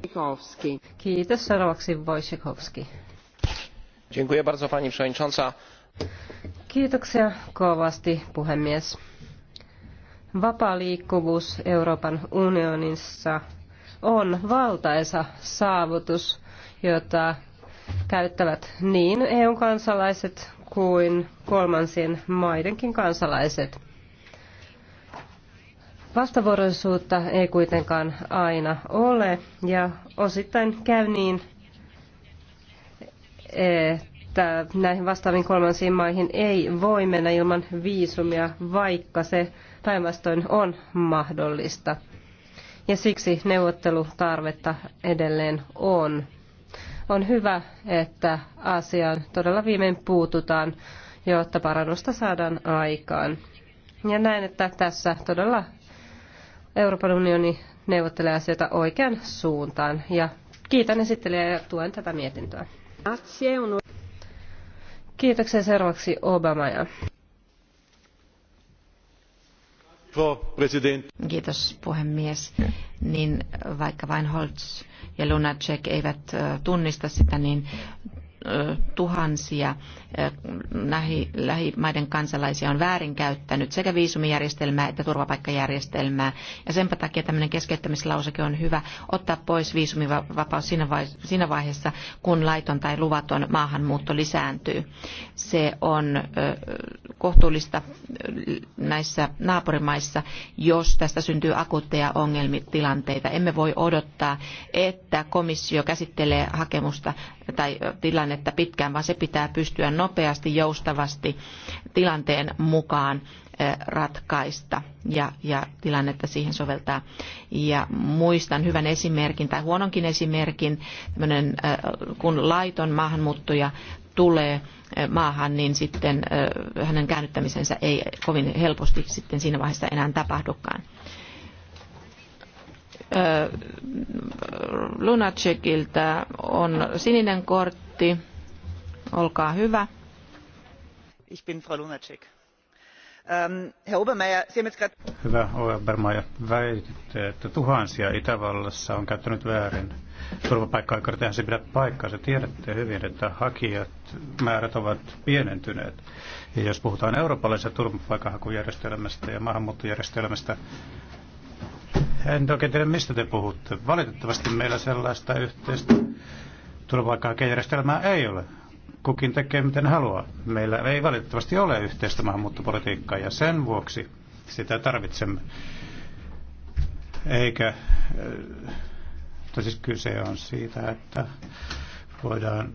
Kiitos. Seuraavaksi Wojciechowski. Dziękuję bardzo pani przewodnicząca. Kiitoksia kovasti puhemies. Vapaa liikkuvuus Euroopan unionissa on valtaisa saavutus, jota käyttävät niin eu kansalaiset kuin kolmansien maidenkin kansalaiset. Vastavuoroisuutta ei kuitenkaan aina ole ja osittain käy niin, että näihin vastaaviin kolmansiin maihin ei voi mennä ilman viisumia, vaikka se päinvastoin on mahdollista. Ja siksi neuvottelutarvetta edelleen on. On hyvä, että asiaan todella viimein puututaan, jotta parannusta saadaan aikaan. Ja näen, että tässä todella Euroopan unioni neuvottelee asioita oikean suuntaan. Ja kiitän esittelijää ja tuen tätä mietintöä. Kiitoksia seuraavaksi Obama. Ja. Kiitos puhemies. Niin vaikka vain Holtz ja Lunacek eivät tunnista sitä, niin tuhansia lähi, lähimaiden kansalaisia on väärinkäyttänyt sekä viisumijärjestelmää että turvapaikkajärjestelmää. Ja sen takia tämmöinen keskeyttämislauseke on hyvä ottaa pois viisumivapaus siinä vaiheessa, kun laiton tai luvaton maahanmuutto lisääntyy. Se on kohtuullista näissä naapurimaissa, jos tästä syntyy akuutteja ongelmatilanteita. Emme voi odottaa, että komissio käsittelee hakemusta tai tilannetta pitkään, vaan se pitää pystyä nopeasti, joustavasti tilanteen mukaan ratkaista ja, ja tilannetta siihen soveltaa. Ja muistan hyvän esimerkin tai huononkin esimerkin, kun laiton maahanmuuttuja tulee maahan, niin sitten hänen käännyttämisensä ei kovin helposti sitten siinä vaiheessa enää tapahdukaan lunacekilta on sininen kortti. Olkaa hyvä. Ich bin Frau Lunacek. Ähm, Herr Obermeier, Sie haben jetzt gerade... Hyvä Obermeier, väititte, että tuhansia Itävallassa on käyttänyt väärin turvapaikka-aikana. Tehän se pidä paikkaansa. Tiedätte hyvin, että hakijat määrät ovat pienentyneet. Ja jos puhutaan eurooppalaisesta turvapaikanhakujärjestelmästä ja maahanmuuttojärjestelmästä, en oikein tiedä, mistä te puhutte. Valitettavasti meillä sellaista yhteistä turvapaikkajärjestelmää ei ole. Kukin tekee miten haluaa. Meillä ei valitettavasti ole yhteistä maahanmuuttopolitiikkaa ja sen vuoksi sitä tarvitsemme. Eikä, eh, siis kyse on siitä, että voidaan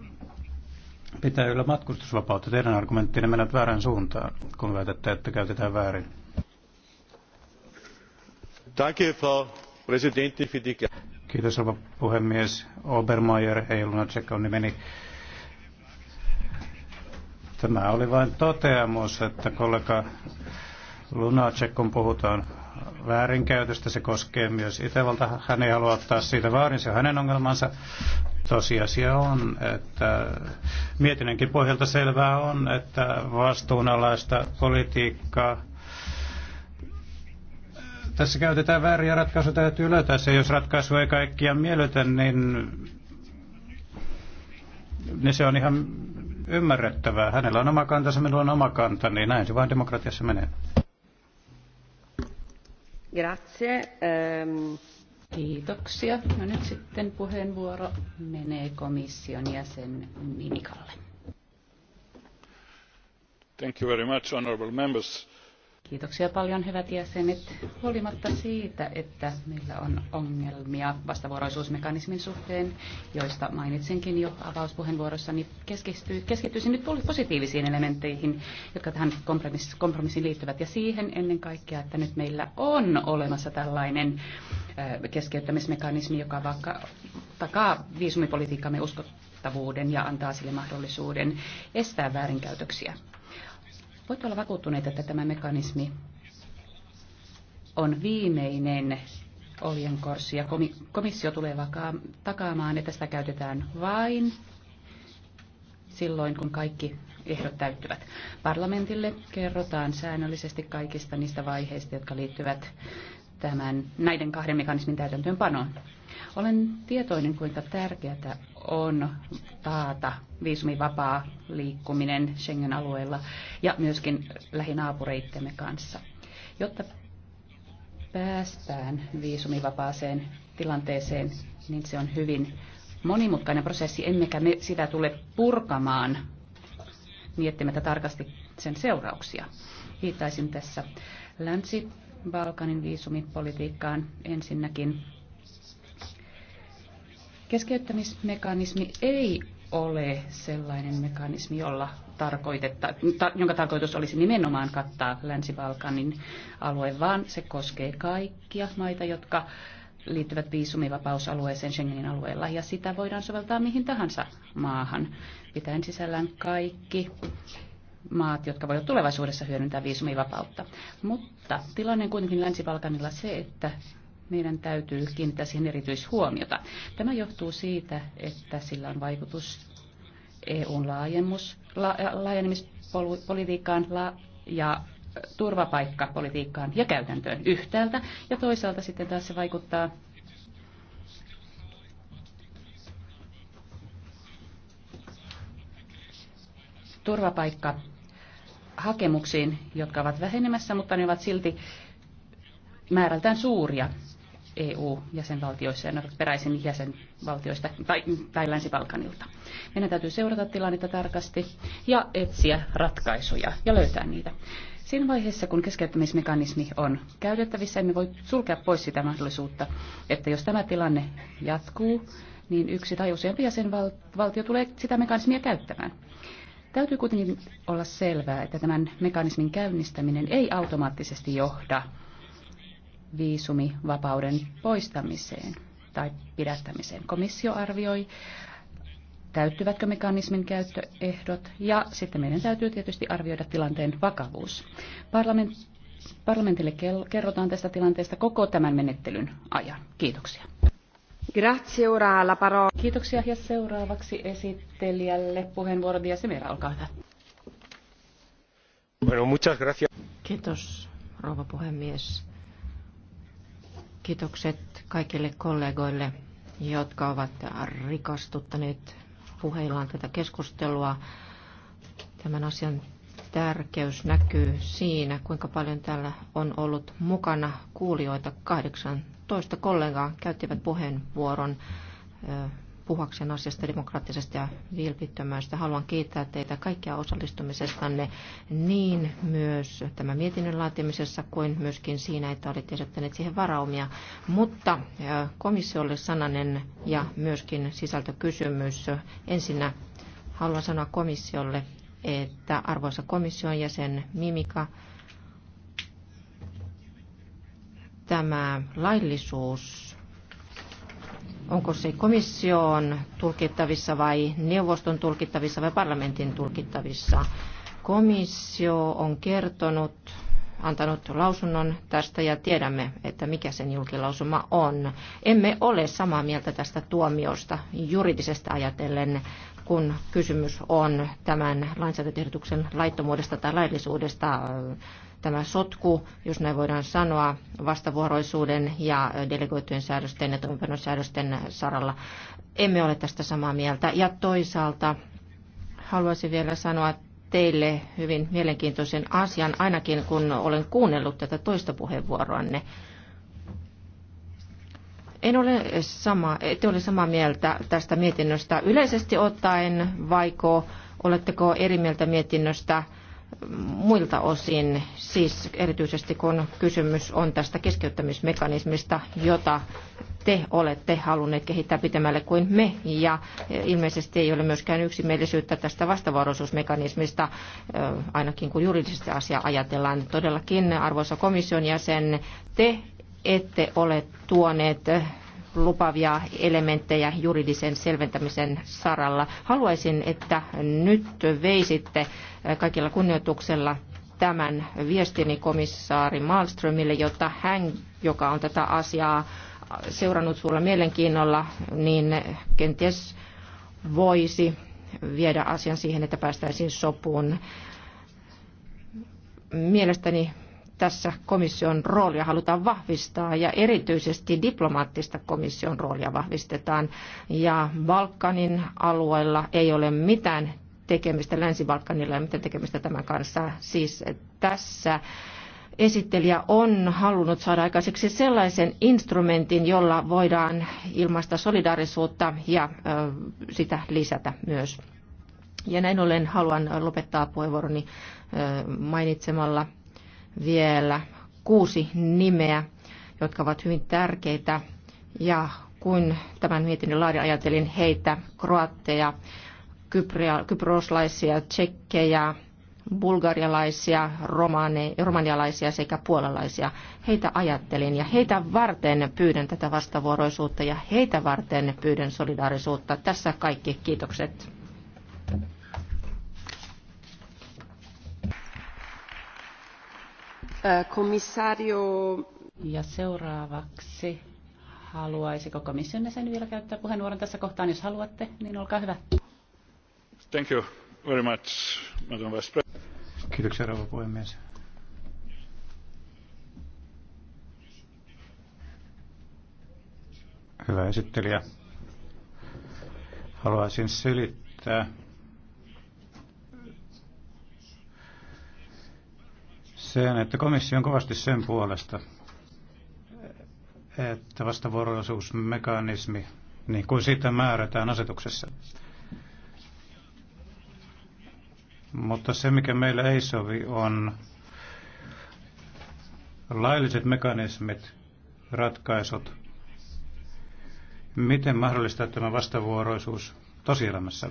pitää yllä matkustusvapautta. Teidän argumenttinne menevät väärään suuntaan, kun väitätte, että käytetään väärin Kiitos, rouva puhemies. Obermeier, ei Lunacek on nimeni. Tämä oli vain toteamus, että kollega Lunacek, kun puhutaan väärinkäytöstä, se koskee myös itävaltaa. Hän ei halua ottaa siitä vaarin, se on hänen ongelmansa. Tosiasia on, että mietinnönkin pohjalta selvää on, että vastuunalaista politiikkaa tässä käytetään vääriä ratkaisuja, täytyy löytää se. Jos ratkaisu ei kaikkia miellytä, niin, niin se on ihan ymmärrettävää. Hänellä on oma kantansa, minulla on oma kanta, niin näin se vain demokratiassa menee. Grazie. Ähm. Kiitoksia. No nyt sitten puheenvuoro menee komission jäsen Minikalle. Thank you very much, honorable members. Kiitoksia paljon, hyvät jäsenet. Huolimatta siitä, että meillä on ongelmia vastavuoroisuusmekanismin suhteen, joista mainitsinkin jo avauspuheenvuorossani, keskittyy, keskittyisin nyt positiivisiin elementteihin, jotka tähän kompromissiin liittyvät, ja siihen ennen kaikkea, että nyt meillä on olemassa tällainen keskeyttämismekanismi, joka vaikka takaa viisumipolitiikkamme uskottavuuden ja antaa sille mahdollisuuden estää väärinkäytöksiä. Voit olla vakuuttuneita, että tämä mekanismi on viimeinen oljenkorsi, ja komissio tulee takaamaan, että sitä käytetään vain silloin, kun kaikki ehdot täyttyvät. Parlamentille kerrotaan säännöllisesti kaikista niistä vaiheista, jotka liittyvät tämän, näiden kahden mekanismin täytäntöönpanoon. Olen tietoinen, kuinka tärkeää on taata viisumivapaa liikkuminen Schengen-alueella ja myöskin lähinaapureittemme kanssa. Jotta päästään viisumivapaaseen tilanteeseen, niin se on hyvin monimutkainen prosessi, emmekä me sitä tule purkamaan miettimättä tarkasti sen seurauksia. Viittaisin tässä Länsi-Balkanin viisumipolitiikkaan ensinnäkin Keskeyttämismekanismi ei ole sellainen mekanismi, jolla tarkoitetta, ta, jonka tarkoitus olisi nimenomaan kattaa Länsi-Balkanin alue, vaan se koskee kaikkia maita, jotka liittyvät viisumivapausalueeseen Schengenin alueella, ja sitä voidaan soveltaa mihin tahansa maahan, pitäen sisällään kaikki maat, jotka voivat tulevaisuudessa hyödyntää viisumivapautta. Mutta tilanne on kuitenkin Länsi-Balkanilla se, että meidän täytyy kiinnittää siihen erityishuomiota. Tämä johtuu siitä, että sillä on vaikutus EUn laajenmus, la, laajenemispolitiikkaan la, ja turvapaikkapolitiikkaan ja käytäntöön yhtäältä, ja toisaalta sitten taas se vaikuttaa turvapaikka hakemuksiin, jotka ovat vähenemässä, mutta ne ovat silti määrältään suuria. EU-jäsenvaltioissa ja ne ovat peräisin jäsenvaltioista tai, tai Länsi-Balkanilta. Meidän täytyy seurata tilannetta tarkasti ja etsiä ratkaisuja ja löytää niitä. Siinä vaiheessa, kun keskeyttämismekanismi on käytettävissä, emme voi sulkea pois sitä mahdollisuutta, että jos tämä tilanne jatkuu, niin yksi tai useampi jäsenvaltio tulee sitä mekanismia käyttämään. Täytyy kuitenkin olla selvää, että tämän mekanismin käynnistäminen ei automaattisesti johda viisumivapauden poistamiseen tai pidättämiseen. Komissio arvioi, täyttyvätkö mekanismin käyttöehdot ja sitten meidän täytyy tietysti arvioida tilanteen vakavuus. Parlament, parlamentille kerrotaan tästä tilanteesta koko tämän menettelyn ajan. Kiitoksia. Grazie, ora la parola. Kiitoksia ja seuraavaksi esittelijälle puheenvuoro Diasemira, olkaa hyvä. Bueno, muchas gracias. Kiitos, rouva puhemies. Kiitokset kaikille kollegoille, jotka ovat rikastuttaneet puheillaan tätä keskustelua. Tämän asian tärkeys näkyy siinä, kuinka paljon täällä on ollut mukana kuulijoita. 18 kollegaa käyttivät puheenvuoron puhuakseen asiasta demokraattisesti ja vilpittömästä. Haluan kiittää teitä kaikkia osallistumisestanne niin myös tämän mietinnön laatimisessa kuin myöskin siinä, että olitte esittäneet siihen varaumia. Mutta komissiolle sananen ja myöskin sisältökysymys. Ensinnä haluan sanoa komissiolle, että arvoisa komission jäsen Mimika, tämä laillisuus onko se komission tulkittavissa vai neuvoston tulkittavissa vai parlamentin tulkittavissa. Komissio on kertonut, antanut lausunnon tästä ja tiedämme, että mikä sen julkilausuma on. Emme ole samaa mieltä tästä tuomiosta juridisesta ajatellen kun kysymys on tämän lainsäädäntöehdotuksen laittomuudesta tai laillisuudesta tämä sotku, jos näin voidaan sanoa, vastavuoroisuuden ja delegoitujen säädösten ja toimenpanon säädösten saralla. Emme ole tästä samaa mieltä. Ja toisaalta haluaisin vielä sanoa teille hyvin mielenkiintoisen asian, ainakin kun olen kuunnellut tätä toista puheenvuoroanne. En ole sama, ette ole samaa mieltä tästä mietinnöstä yleisesti ottaen, vaiko oletteko eri mieltä mietinnöstä muilta osin, siis erityisesti kun kysymys on tästä keskeyttämismekanismista, jota te olette halunneet kehittää pitemmälle kuin me, ja ilmeisesti ei ole myöskään yksimielisyyttä tästä vastavuoroisuusmekanismista, ainakin kun juridisesti asiaa ajatellaan. Todellakin, arvoisa komission jäsen, te ette ole tuoneet lupavia elementtejä juridisen selventämisen saralla. Haluaisin, että nyt veisitte kaikilla kunnioituksella tämän viestini komissaari Malmströmille, jotta hän, joka on tätä asiaa seurannut sulla mielenkiinnolla, niin kenties voisi viedä asian siihen, että päästäisiin sopuun. Mielestäni tässä komission roolia halutaan vahvistaa ja erityisesti diplomaattista komission roolia vahvistetaan. Ja Balkanin alueella ei ole mitään tekemistä, Länsi-Balkanilla ei ole mitään tekemistä tämän kanssa. Siis tässä esittelijä on halunnut saada aikaiseksi sellaisen instrumentin, jolla voidaan ilmaista solidaarisuutta ja sitä lisätä myös. Ja näin ollen haluan lopettaa puheenvuoroni mainitsemalla vielä kuusi nimeä, jotka ovat hyvin tärkeitä. Ja kun tämän mietinnön laadin ajatelin heitä, kroatteja, kypria, kyproslaisia, tsekkejä, bulgarialaisia, romane, romanialaisia sekä puolalaisia. Heitä ajattelin ja heitä varten pyydän tätä vastavuoroisuutta ja heitä varten pyydän solidaarisuutta. Tässä kaikki. Kiitokset. Komissario... Ja seuraavaksi haluaisiko komission jäsen vielä käyttää puheenvuoron tässä kohtaan? Jos haluatte, niin olkaa hyvä. Thank you very much, Madam Vice President. Kiitoksia, rouva puhemies. Hyvä esittelijä. Haluaisin selittää sen, että komissio on kovasti sen puolesta, että vastavuoroisuusmekanismi, niin kuin sitä määrätään asetuksessa. Mutta se, mikä meillä ei sovi, on lailliset mekanismit, ratkaisut, miten mahdollistaa tämä vastavuoroisuus tosielämässä.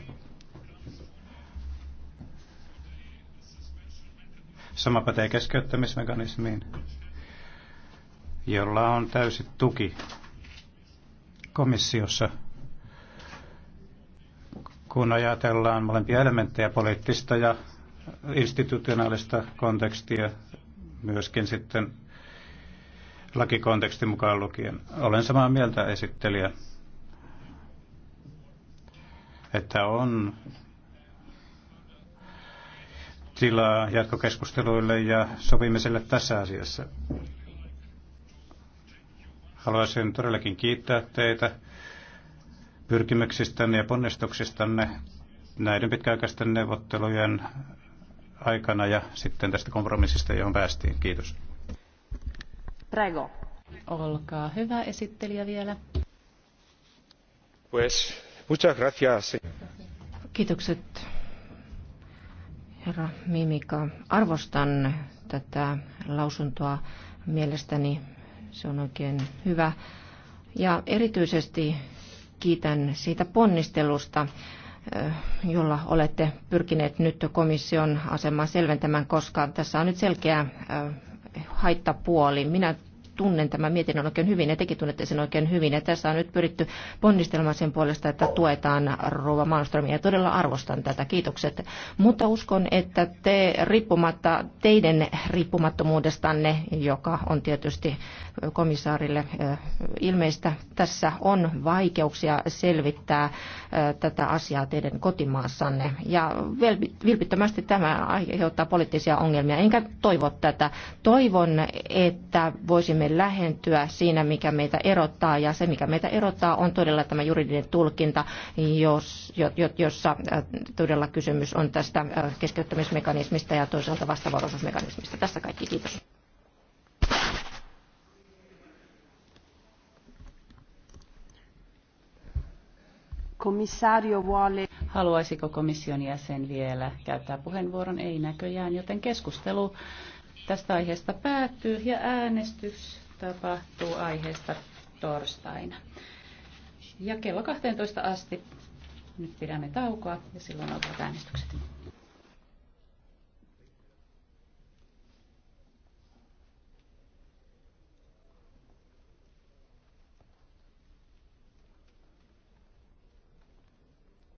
Sama pätee keskeyttämismekanismiin, jolla on täysi tuki komissiossa, kun ajatellaan molempia elementtejä, poliittista ja institutionaalista kontekstia, myöskin sitten lakikontekstin mukaan lukien. Olen samaa mieltä esittelijä, että on tilaa jatkokeskusteluille ja sopimiselle tässä asiassa. Haluaisin todellakin kiittää teitä pyrkimyksistänne ja ponnistuksistanne näiden pitkäaikaisten neuvottelujen aikana ja sitten tästä kompromissista, johon päästiin. Kiitos. Prego. Olkaa hyvä esittelijä vielä. Pues, muchas gracias. Kiitokset Herra Mimika, arvostan tätä lausuntoa. Mielestäni se on oikein hyvä. Ja erityisesti kiitän siitä ponnistelusta, eh, jolla olette pyrkineet nyt komission asemaa selventämään, koska tässä on nyt selkeä eh, haittapuoli. Minä tunnen tämän mietinnön oikein hyvin ja tekin tunnette sen oikein hyvin. Ja tässä on nyt pyritty ponnistelemaan sen puolesta, että tuetaan Rova Malmströmiä. Todella arvostan tätä, kiitokset. Mutta uskon, että te riippumatta teidän riippumattomuudestanne, joka on tietysti komissaarille ilmeistä, tässä on vaikeuksia selvittää tätä asiaa teidän kotimaassanne. Ja vilpittömästi tämä aiheuttaa poliittisia ongelmia, enkä toivo tätä. Toivon, että voisimme lähentyä siinä, mikä meitä erottaa. Ja se, mikä meitä erottaa, on todella tämä juridinen tulkinta, jos, jossa äh, todella kysymys on tästä äh, keskeyttämismekanismista ja toisaalta vastavuoroisuusmekanismista. Tässä kaikki. Kiitos. komissario vuole... Haluaisiko komission jäsen vielä käyttää puheenvuoron? Ei näköjään, joten keskustelu tästä aiheesta päättyy ja äänestys tapahtuu aiheesta torstaina. Ja kello 12 asti nyt pidämme taukoa ja silloin alkavat äänestykset.